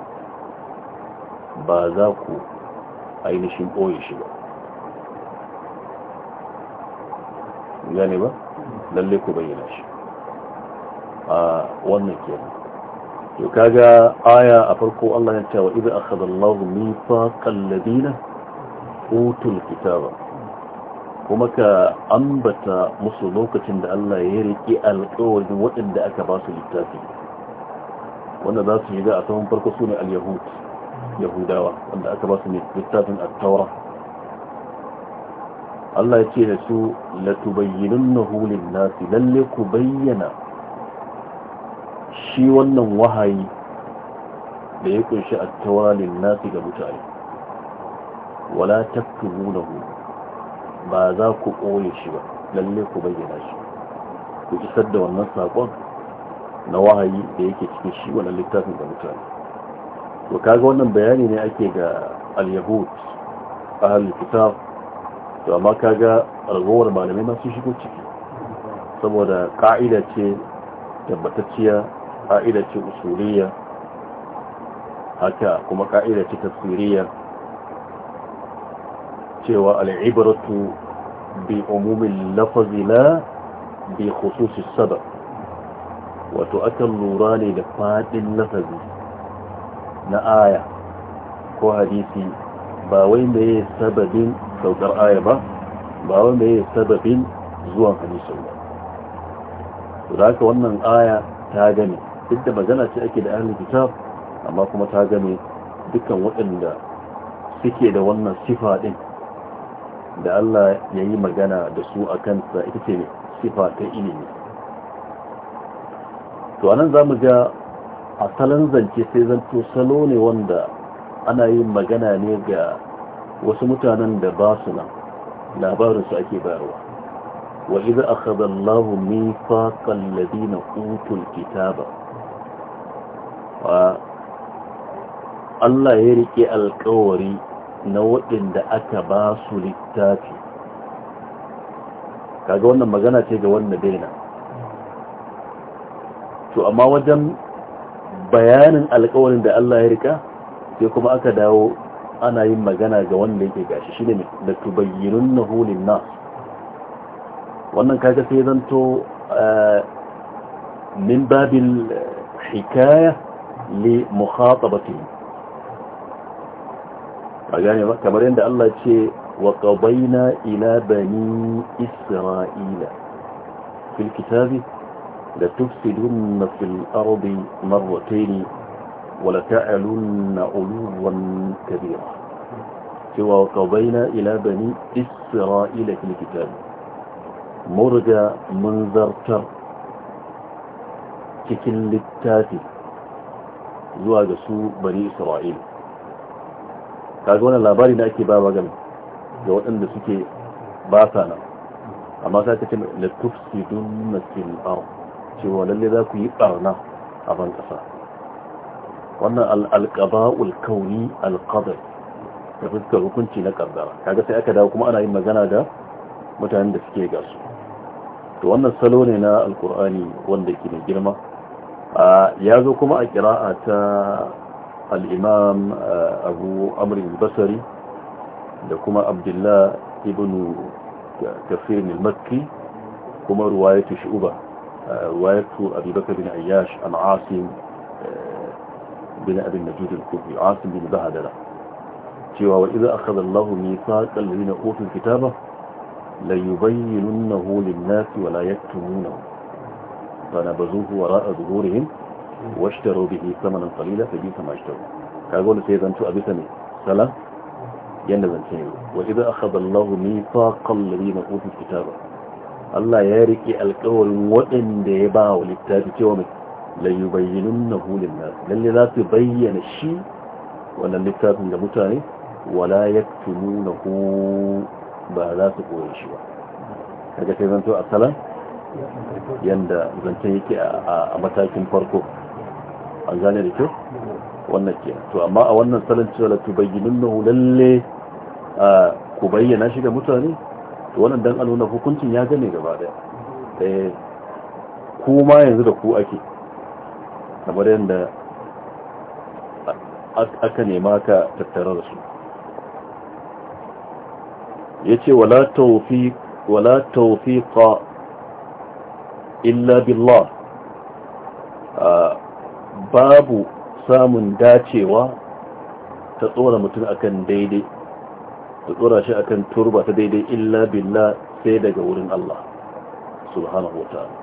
S1: ba za ku ainihin ɓoye shi ba gane ba lalle ku bayyana shi a wannan kenan to kaga aya a farko Allah ya cewa idza akhadha Allahu mithaqal ladina utul kitaba kuma ka ambata musu lokacin da Allah ya riki alƙawarin waɗanda aka ba su littafi wanda za su shiga a saman farko sunan al-yahud yahudawa wanda aka ba su ne littafin attaura Allah ya ce da su latubayyinunnahu lin-nasi lalle ku bayyana shi wannan wahayi da ya kunshi attaura lin-nasi ga mutane wala taktumunahu ba za ku koye shi ba lalle ku bayyana shi ku isar da wannan sakon na wahayi da yake cikin shi wannan littafin ga mutane to kaga wannan bayani ne ake ga al-yahud al kitab to amma kaga ragowar malamai ma sun shigo ciki saboda ka'ida ce tabbatacciya ka'ida ce usuliyya haka kuma ka'ida ce tafsiriyya cewa al-ibratu bi umumin lafazi la bi khususis sada wato akan lura ne da fadin lafazi na aya ko hadisi ba wai mai sababin saukar aya ba ba wai mai sababin zuwan hadisi ba to da haka wannan aya ta gane duk da magana ce ake da ahlul kitab amma kuma ta gane dukkan waɗanda suke da wannan sifa ɗin, da Allah ya yi magana da su a kansa ita ce sifa ta ilimi to anan za mu ga a salon zance sai zanto salo ne wanda ana yin magana ne ga wasu mutanen da ba su nan labarinsu ake bayarwa wa iza akhadha Allahu mithaqal ladina utul kitaba wa Allah ya rike alƙawari na waɗanda aka ba su littafi kaga wannan magana ce ga wanda daina to amma wajen bayanin alƙawarin da Allah ya rika sai kuma aka dawo ana yin magana ga wanda yake gashi shine ne da tubayyinun na hulun nas wannan kaga sai zanto min babil hikaya li mukhatabatihim a gane ba kamar yadda Allah ce wa qabaina ila bani isra'ila fil kitabi لتفسدن في الأرض مرتين ولتعلن علوا كبيرا bani وقضينا إلى بني إسرائيل في الكتاب مرجى منذر تر cikin littafi zuwa ga su bari isra'il kaga wannan labari a ake ba magana ga waɗanda suke ba sa nan amma sai cewa lalle za ku yi barna a ban wannan alqaba'ul kauni alqadar da fuskar hukunci na kaddara kaga sai aka dawo kuma ana yin magana da mutanen da suke gasu to wannan salo ne na Alƙur'ani, wanda ke girma ya zo kuma a kira'a ta al-imam eh, abu amr Basari, da kuma abdullah ibn kafir al-makki kuma ruwayatu shu'ba ويكفو أبي بكر بن عياش العاصم آه، بن أبي النجود الكوفي عاصم بن بهدلة وإذا أخذ الله ميثاق الذين أوتوا الكتابة ليبيننه للناس ولا يكتمونه فنبذوه وراء ظهورهم واشتروا به ثمنا قليلا فجيس ما اشتروا كأقول سيد أنتو أبي سمي سلام ينبذن سيد وإذا أخذ الله ميثاق الذين أوتوا الكتابة Allah ya rike alƙawarin waɗanda ya ba wa littafi cewa mai layu bayyinun na hulun nasu lalle za su bayyana shi wannan littafin da mutane wala ya tunu na ku ba za su koyar shi ba kaga sai zanto a salam yadda zancen yake a matakin farko an zane da kyau wannan ke to amma a wannan salon cewa la tubayyinun na lalle ku bayyana shi ga mutane to wannan dan aluna hukuncin ya gane gaba daya eh ku ma yanzu da ku ake kamar yadda aka nema ka tattare da su yace wala tawfiq wala tawfiqa illa billah babu samun dacewa ta tsora mutum akan daidai da tsora shi kan turba ta daidai illa billa, sai daga wurin Allah subhanahu ta'ala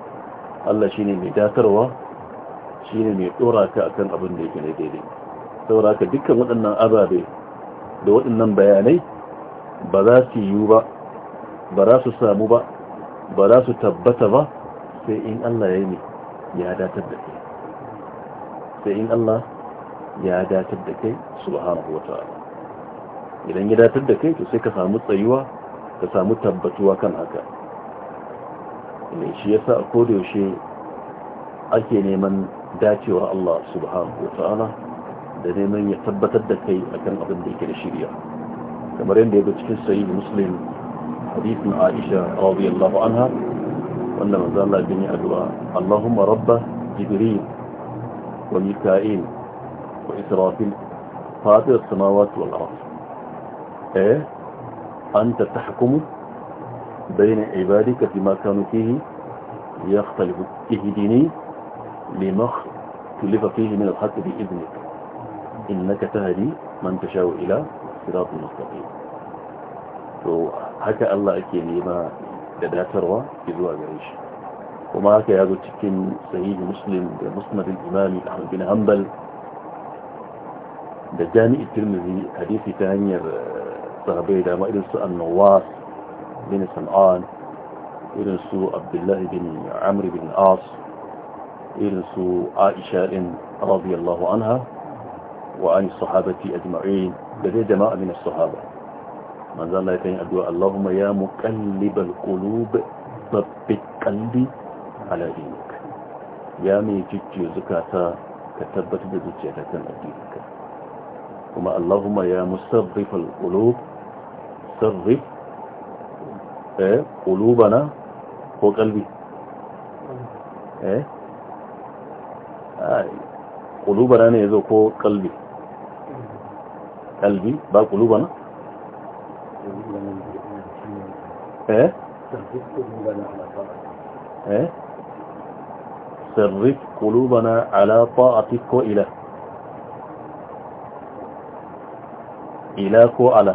S1: Allah shine mai datarwa shine mai tsora ka akan abin da yake daidai saboda haka dukkan waɗannan ababe da waɗannan bayanai ba za su yiwu ba ba za su samu ba ba za su tabbata ba sai in Allah ya ne ya datar da kai sai in Allah ya datar da kai subhanahu ta'ala idan ya datar da kai to sai ka samu tsayuwa ka samu tabbatuwa kan haka ne eh, shi yasa a kodayaushe ake neman dacewa Allah subhanahu wa ta'ala da neman ya tabbatar da kai akan abin da yake da shirya kamar yadda ya ga cikin sahih muslim hadisin Aisha radiyallahu anha wannan manzo Allah bin addu'a Allahumma rabba jibril wa mika'il wa israfil fatir samawati wal إيه؟ أنت تحكم بين عبادك فيما كانوا فيه يختلف ديني لما تلف فيه من الحق بإذنك إنك تهدي من تشاو إلى صراط المستقيم حكى الله لدى تروى في ذوى قريش وما هكا هذا التكين سيد مسلم مسند الإمام أحمد بن هنبل da jami'i tirmizi hadisi ta hanyar sahabai da irin su annawas bin san'an irin su abdullahi bin amr bin as irin su aisha din radiyallahu anha wa an sahabati ajma'in da dai jama'a min sahaba manzo Allah ya kai addu'a Allahumma ya muqallibal qulub thabbit qalbi ala dinik ya mai jujjuya zukata ka tabbatar da zuciyarka kan addininka kuma Allahumma ya musarrif al-qulub sarrif eh qulubana ko kalbi eh ai qulubana ne yazo ko kalbi kalbi ba qulubana eh eh sarrif qulubana ala ta'atik wa ilah ila ko ala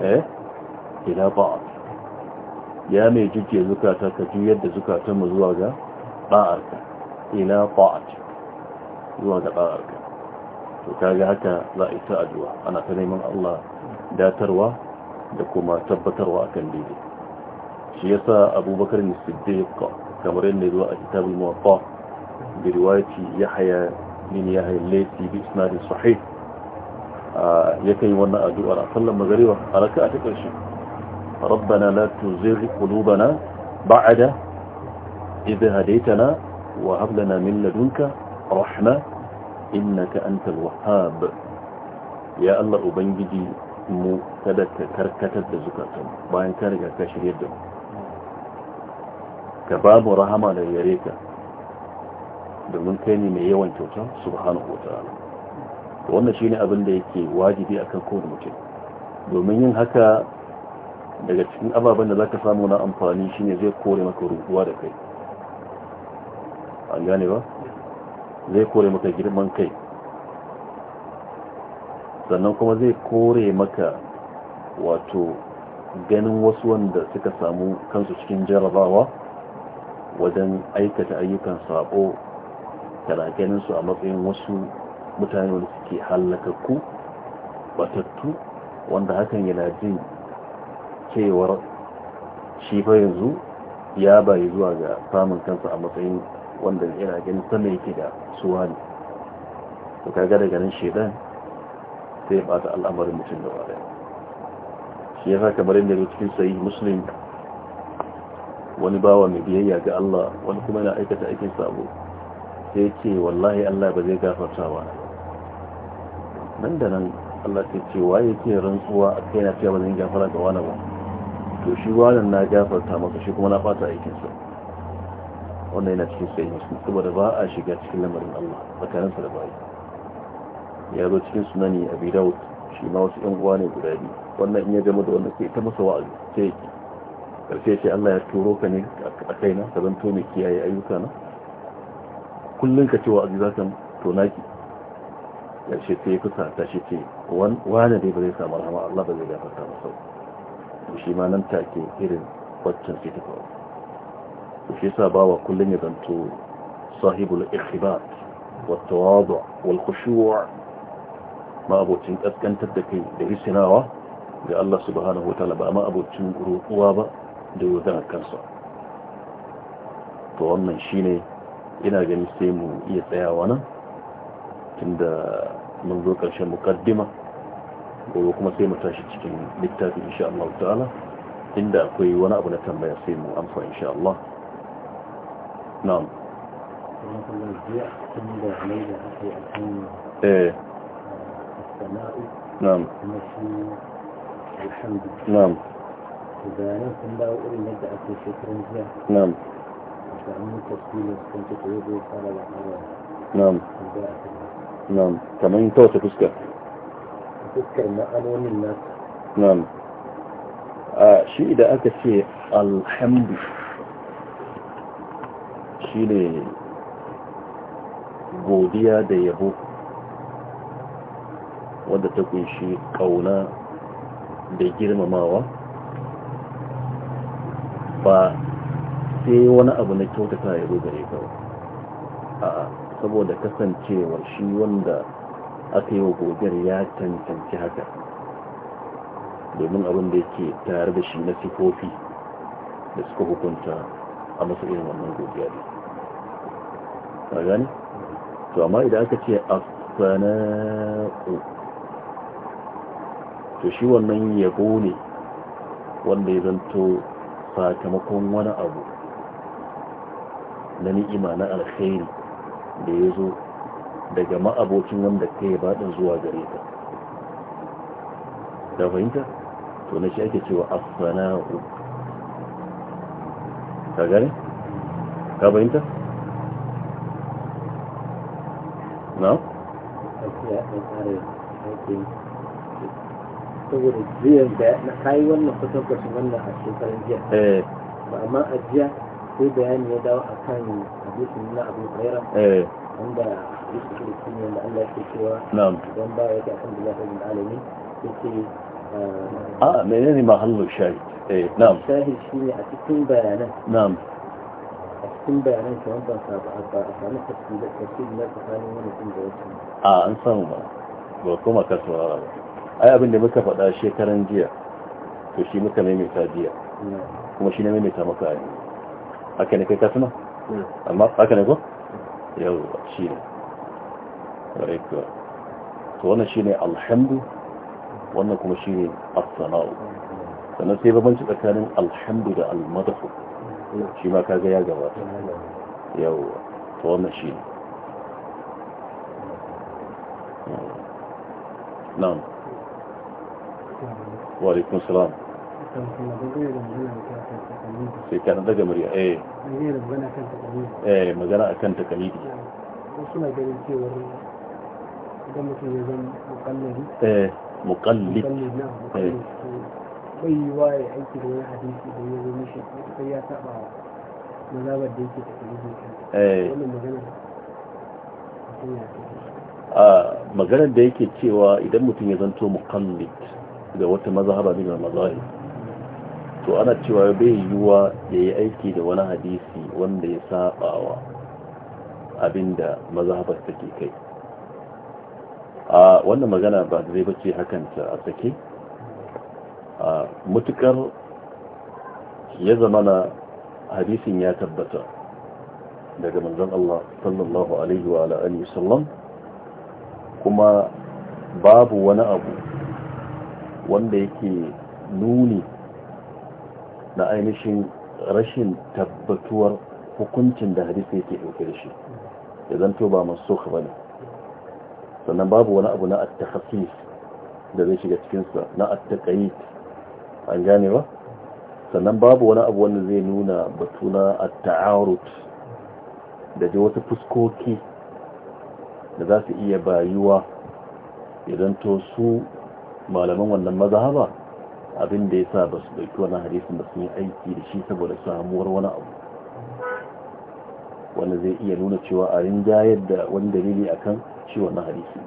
S1: eh ila ya mai jike zukata ka juyar da zukatan mu zuwa ga ba'arka ila ba'ad zuwa ga ba'arka to kaga haka za a yi ta addu'a ana ta neman Allah datarwa da kuma tabbatarwa akan dide shi yasa abubakar ne siddiq kamar yadda zuwa a kitabul muwatta bi riwayati yahya bin yahya al-laythi bi isnad sahih ya kai wannan addu'ar a sallar magariba a a ta ƙarshe rabbana la tuzigh qulubana ba'da idh hadaytana wa hab lana min ladunka rahma innaka antal wahhab ya Allah ubangiji mu kada ka karkatar da zukatan bayan ka riga ka shirye da mu ka ba mu rahama da yare ka domin kai ne mai yawan kyauta subhanahu wa ta'ala wannan shine abin da yake wajibi akan kowane mutum domin yin haka daga cikin ababen da zaka samu na amfani shine zai kore maka rubuwa da kai an gane ba zai kore maka girman kai sannan kuma zai kore maka wato ganin wasu wanda suka samu kansu cikin jarabawa wajen aikata ayyukan sabo kana ganin su a matsayin wasu mutane wanda suke halakakku batattu wanda hakan yana jin cewar shi fa yanzu ya bayi zuwa ga samun kansa a matsayin wanda yana ganin sama yake da suwa ne to kaga daga nan shaidan sai ya bata al'amarin mutum da wadai shi yasa kamar yadda ne cikin sayi musulun wani bawa mai biyayya ga Allah wani kuma yana aikata aikin sabo sai ce wallahi Allah ba zai gafarta ba nan da nan Allah sai ce wa yake rantsuwa a kai na cewa zan gafara ga wani ba to shi wannan na gafarta maka shi kuma na fata aikin sa wannan yana cikin sai kuma da ba a shiga cikin lamarin Allah tsakaninsa sa da ba. ya zo cikin sunani Abi Dawud shi ma wasu 'yan uwa ne guda biyu wannan in ya jama da wannan sai ta masa wa'azi sai karshe ce Allah ya turo ka ne a kai na? ka zanto mai kiyaye ayyuka na kullun ka ce wa'azi zaka to naki ƙarshe sai ya kusa ta shi ce wane dai ba zai samu rahama Allah ba zai gafarta masa to shi ma nan take irin waccan sai ta faru shi yasa bawa kullum ya zanto sahibul ikhtibat wa tawadu wal khushu' ma abocin da kai da hisinawa ga Allah subhanahu wa ta'ala ba ma abocin roƙuwa ba da a kansa to wannan shine ina ganin sai mu iya tsayawa nan tunda mun zo ƙarshen mukaddima gobe kuma sai mu tashi cikin littafi insha Allah ta'ala inda akwai wani abu na tambaya sai mu amsa insha Allah na'am eh. na'am na'am sun dawo irin yadda ake shekarun jiya na'am da an yi sun ci tsaye zai fara da na'am kamar ta wace fuskar fuskar ma'anonin nasa na'am a shi idan aka ce alhamdu shi ne godiya da yabo wadda ta kunshi da girmamawa ba sai wani abu na kyautata yabo gare ka a saboda kasancewa, shi wanda aka yi wa gogiyar ya cancanci haka domin abin da yake tare da shi na sifofi da suka hukunta a masu irin wannan gogiyar ne a gani? to amma idan aka ce a sana'u to shi wannan yabo ne wanda ya zanto sakamakon wani abu na ni'ima na alkhairi da ya zo daga ma'abocin wanda ka yi baɗin zuwa gare ka da fahimta to na shi ake cewa uku ka gane? ka fahimta? na? saboda jiyar da na kayi wannan kusan kwashin wannan a shekarun jiya eh. ba amma a jiya sai bayani ya dawo a kan hadisin na abu tsayara eh. wanda yake da cikin yadda Allah ke cewa Idan ba ya ga kan da zafin alami yake eh, a ah, menene mahallin shahid eh na'am shahid shine a cikin bayanan na'am a cikin bayanan kamar ban saba ba a samu tafsir tafsir na tsakanin wani mutum da wasu a an samu ba ba kuma ka saurara ba ai abin da muka faɗa shekaran jiya to shi muka maimaita jiya kuma shi ne maimaita maka a haka ne kai ka suna hmm. amma haka ne ko yau shi ne barekuwa to wannan shi ne alhamdu wannan kuma shi ne asana'u sannan sai babanci tsakanin alhamdu da almadafu shi ma kaga ya gabata yau to wannan shi ne نعم وعليكم السلام sai shekarar daga murya eh eh magana akan takalidi suna na ganin cewar idan mutum ya zan mukallari eh mukallid eh bai yi wa ya aiki da wani hadisi da ya zama shi sai ya saba mazabar da yake takalidi eh wannan magana a maganar da yake cewa idan mutum ya zanto mukallid da wata mazhaba ne ga mazahib to ana cewa bai yiwuwa ya yi aiki da wani hadisi wanda ya saɓawa abinda mazhabar take kai a wannan magana ba zai bace hakan ta a sake a mutukar ya zamana hadisin ya tabbata daga manzon Allah sallallahu alaihi wa alihi sallam kuma babu wani abu wanda yake nuni na ainihin rashin tabbatuwar hukuncin da hadisi yake dauke da shi ya zanto ba ka bane sannan babu wani abu na at da zai shiga cikin sa na at an gane ba sannan babu wani abu wanda zai nuna batu na attaarut da ji wata fuskoki da za su iya bayuwa idan to su malaman wannan mazahaba abin da ya sa ba su ɗauki wani hadisin ba sun yi aiki da shi saboda samuwar wani abu wanda zai iya nuna cewa a rinjayar da wani dalili akan shi wannan hadisi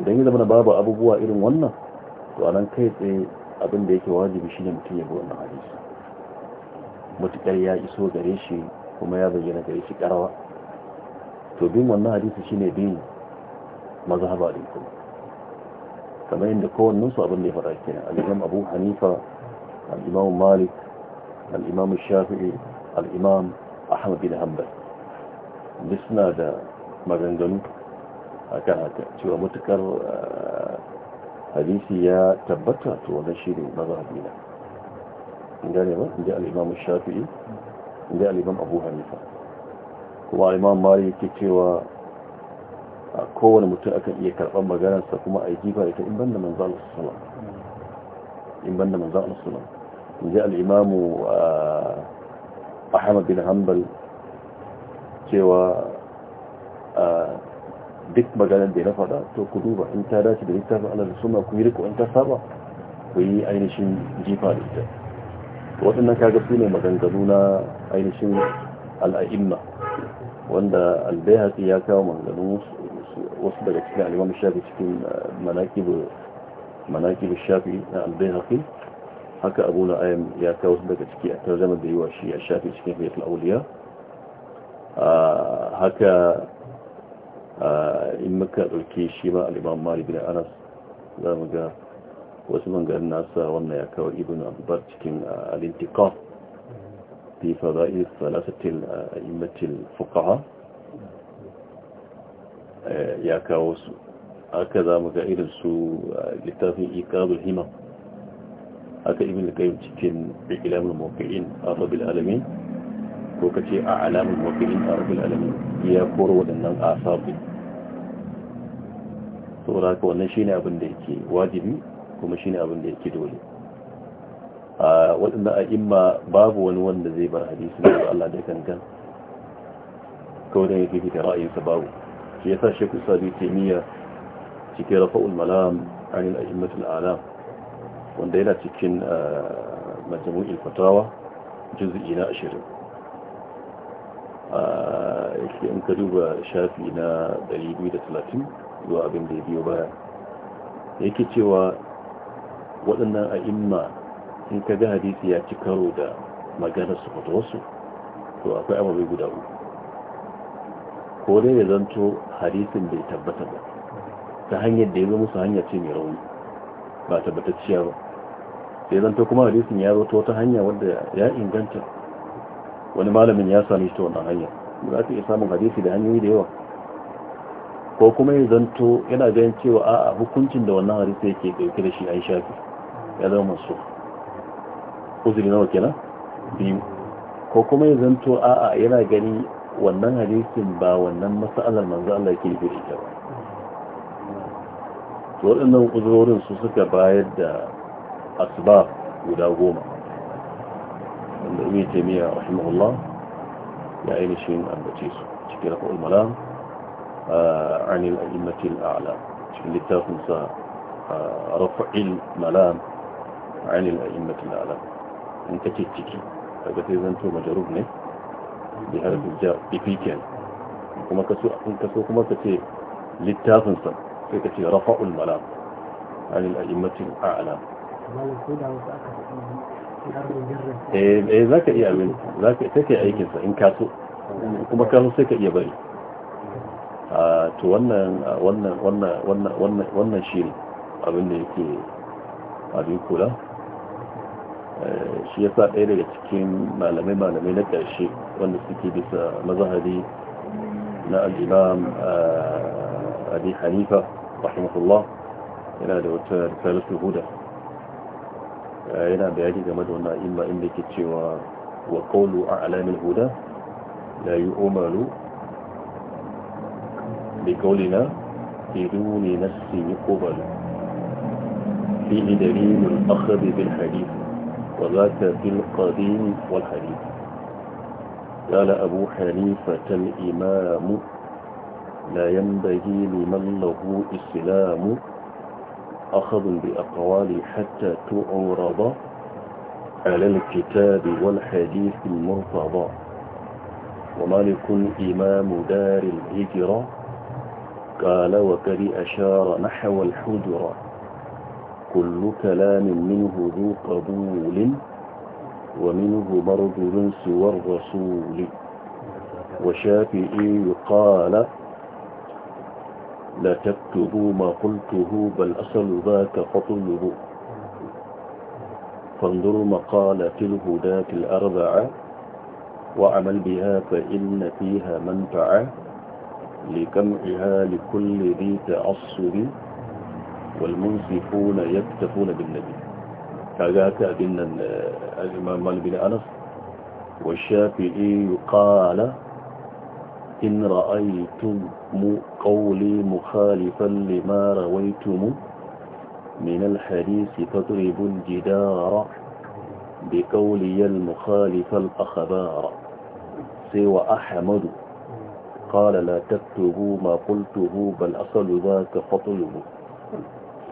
S1: idan ya zama babu abubuwa irin wannan to anan kai tsaye abin da yake wajibi shi ne mutum ya bi wannan hadisi matuƙar ya iso gare shi kuma ya bayyana gare shi ƙarawa to bin wannan hadisi shine bin mazhaba din kuma kamar yadda kowannen su abin da ya faɗa kenan al-imam abu hanifa al malik al shafi'i al ahmad bin hanbal duk suna da maganganu a kan haka cewa matukar eh, hadisi ya tabbata to wannan shi ne mazhabi na gane ba inda al-imam shafi'i inda al-imam abu hanifa kuma al-imam malik ke cewa kowane mutum akan iya karɓar maganarsa kuma a yi jifa ita in banda manzan al-sulam in banda manzan al-sulam in ji al'imamu ah, ahmad bin hanbal cewa ah, duk maganar da na faɗa to ku duba in ta dace da littafin allah da suna ku yi riko in ta saba ku yi ainihin jifa da ita waɗannan kaga su ne maganganu na ainihin al'a'imma wanda albayhaqi ya kawo maganganu wasu daga cikin alimamin shafi cikin manakibu shafi na albayhaki haka abu na ayyam ya kawo wasu daga ciki a tarzama da yiwa shi a shafi cikin fiyatul auliya haka in maka ɗauke shi ma alimamu mali bin anas za mu ga wasu mangarin nasa wannan ya kawo ibn abubar cikin alintika fi fada'il salasatil a'immatil fuqaha Eh, ya kawo su haka za mu ga irin su eh, littafin himan aka haka da kayan cikin ilamul a rabin alamin ko ka ce a alamul a rabin alamin ya koro a asabi saboda haka wannan shi ne abin da yake wajibi kuma shi ne abin da yake dole a waɗanda a imma babu wani wanda zai bar hadisun da Allah da kankan kawai da yake fita ra'ayinsa babu shi yasa shi kusa bi taimiyya cikin rafa'ul malam a a'immatul alam wanda yana cikin uh, majmu'il fatawa juz'i na 20 a uh, yake in ka duba shafi na 230 zuwa abin da ya biyo baya yake cewa waɗannan a'imma in ka ga hadisi ya ci karo da maganar su fatawarsu to akwai ababai guda uku ko dai ya zanto hadisin bai tabbata ba ta hanyar da ya zo musu hanyar ce mai rauni ba tabbatacciya ba sai zanto kuma hadisin ya zo ta hanya wadda ya inganta wani malamin ya sami shi ta wannan hanya za ka iya samun hadisi da hanyoyi da yawa ko kuma ya zanto yana ganin cewa a'a hukuncin da wannan hadisi yake ɗauke da shi a yi shafi ya zama masu uzuri nawa kenan biyu ko kuma ya zanto a'a yana gani wannan hadisin ba wannan matsalar manzo Allah yake yi ita ba to waɗannan uzurorin su suka bayar da asbab guda goma wanda ibn taymiya rahimahullah ya an bace su cikin rafa'ul malam عن الأئمة الأعلى اللي تاخذ رفع الملام عن الأئمة الأعلى انت تتكي هذا في ذنته مجروب نه bi harfin jar ifiken kuma kaso in kaso kuma ka ce littafin sa sai ka ce rafa'ul malam anil a'immatin a'lam eh eh zaka iya abin zaka take aikin sa in kaso kuma kaso sai ka iya bari a ah, to ah, wannan wannan wannan wannan wannan shine abin da yake abin kula shi yasa ɗaya daga cikin malamai-malamai na ƙarshe wanda suke bisa mazahari na al'imam abi hanifa rahimahullah yana da wata risalar huda yana bayani game da wannan imma inda ke cewa wa a alamin huda yi umaru da la yu'malu bi qawlina biduni nafsi yuqbalu fi idari akhdh bibin hadith وذاك في القديم والحديث قال أبو حنيفة الإمام لا ينبغي لمن له إسلام أخذ بأقوال حتى تعرض على الكتاب والحديث المرتضى ومالك إمام دار الهجرة قال وكذي أشار نحو الحجرة كل كلام منه ذو قبول ومنه مرجل سوى الرسول وشافئي قال لا تكتبوا ما قلته بل أصل ذاك فطلبوا فانظروا مقالة الهداة الأربعة وعمل بها فإن فيها منفعة لجمعها لكل ذي تعصب والمنصفون يكتفون بالنبي كذا أبن الإمام مالك بن أنس والشافعي قال إن رأيتم قولي مخالفا لما رويتم من الحديث فاضربوا الجدار بقولي المخالف الأخبار سوى أحمد قال لا تكتبوا ما قلته بل أصل ذاك فطلبوا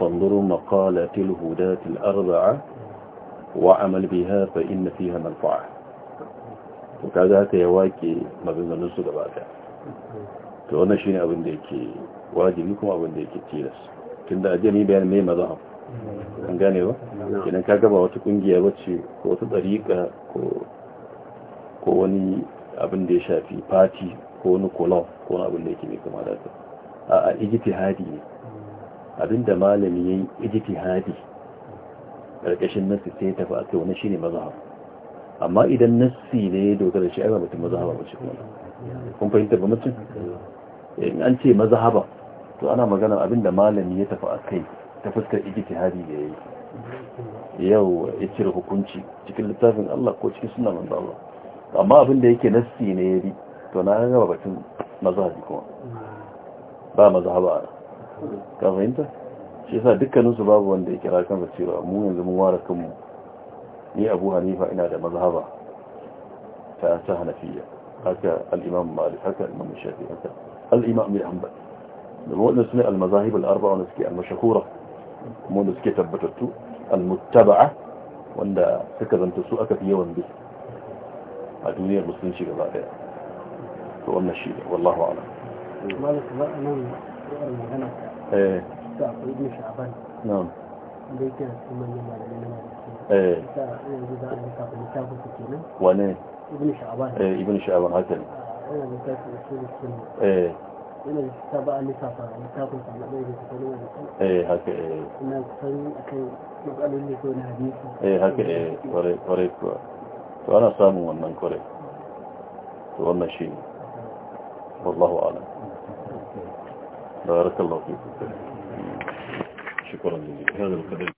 S1: فانظروا مقالة الهداة الأربعة وعمل بها فإن فيها منفعة وكذا يواكي ما مبنى نسو دباتا كونا شين أبن ديكي لكم أبن ديكي تيرس تند أجمي بيان مي مذهب an gane ba idan ka gaba wata kungiya wacce ko wata dariƙa ko wani abin da ya shafi fati ko wani kolon ko wani abin da yake mai kama da ta a ijiti hadi ne abinda malami ya yi ijtihadi karkashin nassi sai tafi a kai wani shine mazhab amma idan nassi ne ya dogara shi ai mutum mazhaba ba ce kuma kun fahimta ba mutum eh, in an ce ba, to ana magana abinda malami ya tafi a kai ta fuskar ijtihadi da yayi yau ya cire hukunci cikin littafin Allah ko cikin sunan manzo Allah amma abinda yake nassi ne ya bi to na ga batun mazhabi kuma ba ba. kafinta fahimta shi yasa su babu wanda ya kira kan cewa mu yanzu mun ware kanmu ni abu hanifa ina da mazhaba ta ta hanafiya haka al-imam malik haka al-imam shafi haka al-imam bin hanbal da wannan sunan al-mazahib al-arba'a wanda suke al-mashhura kuma wanda suke tabbatattu al-muttaba'a wanda suka zanta su aka fi yawan bi a duniyar musulunci gaba daya to wannan shi ne wallahu a'lam malik ba nan magana Eh. da eh. a yi wane eh, ibn sha'ban haka ne ah, yana da ta ba a lissafa littafin sa na da kusa nuna da eh haka eh ina kusan akan matsalolin ko na hadisi eh haka eh kwarai kuwa to ana samun wannan kwarai to wannan shi ne والله ah. بارك الله فيكم شكرا جزيلا هذا القدر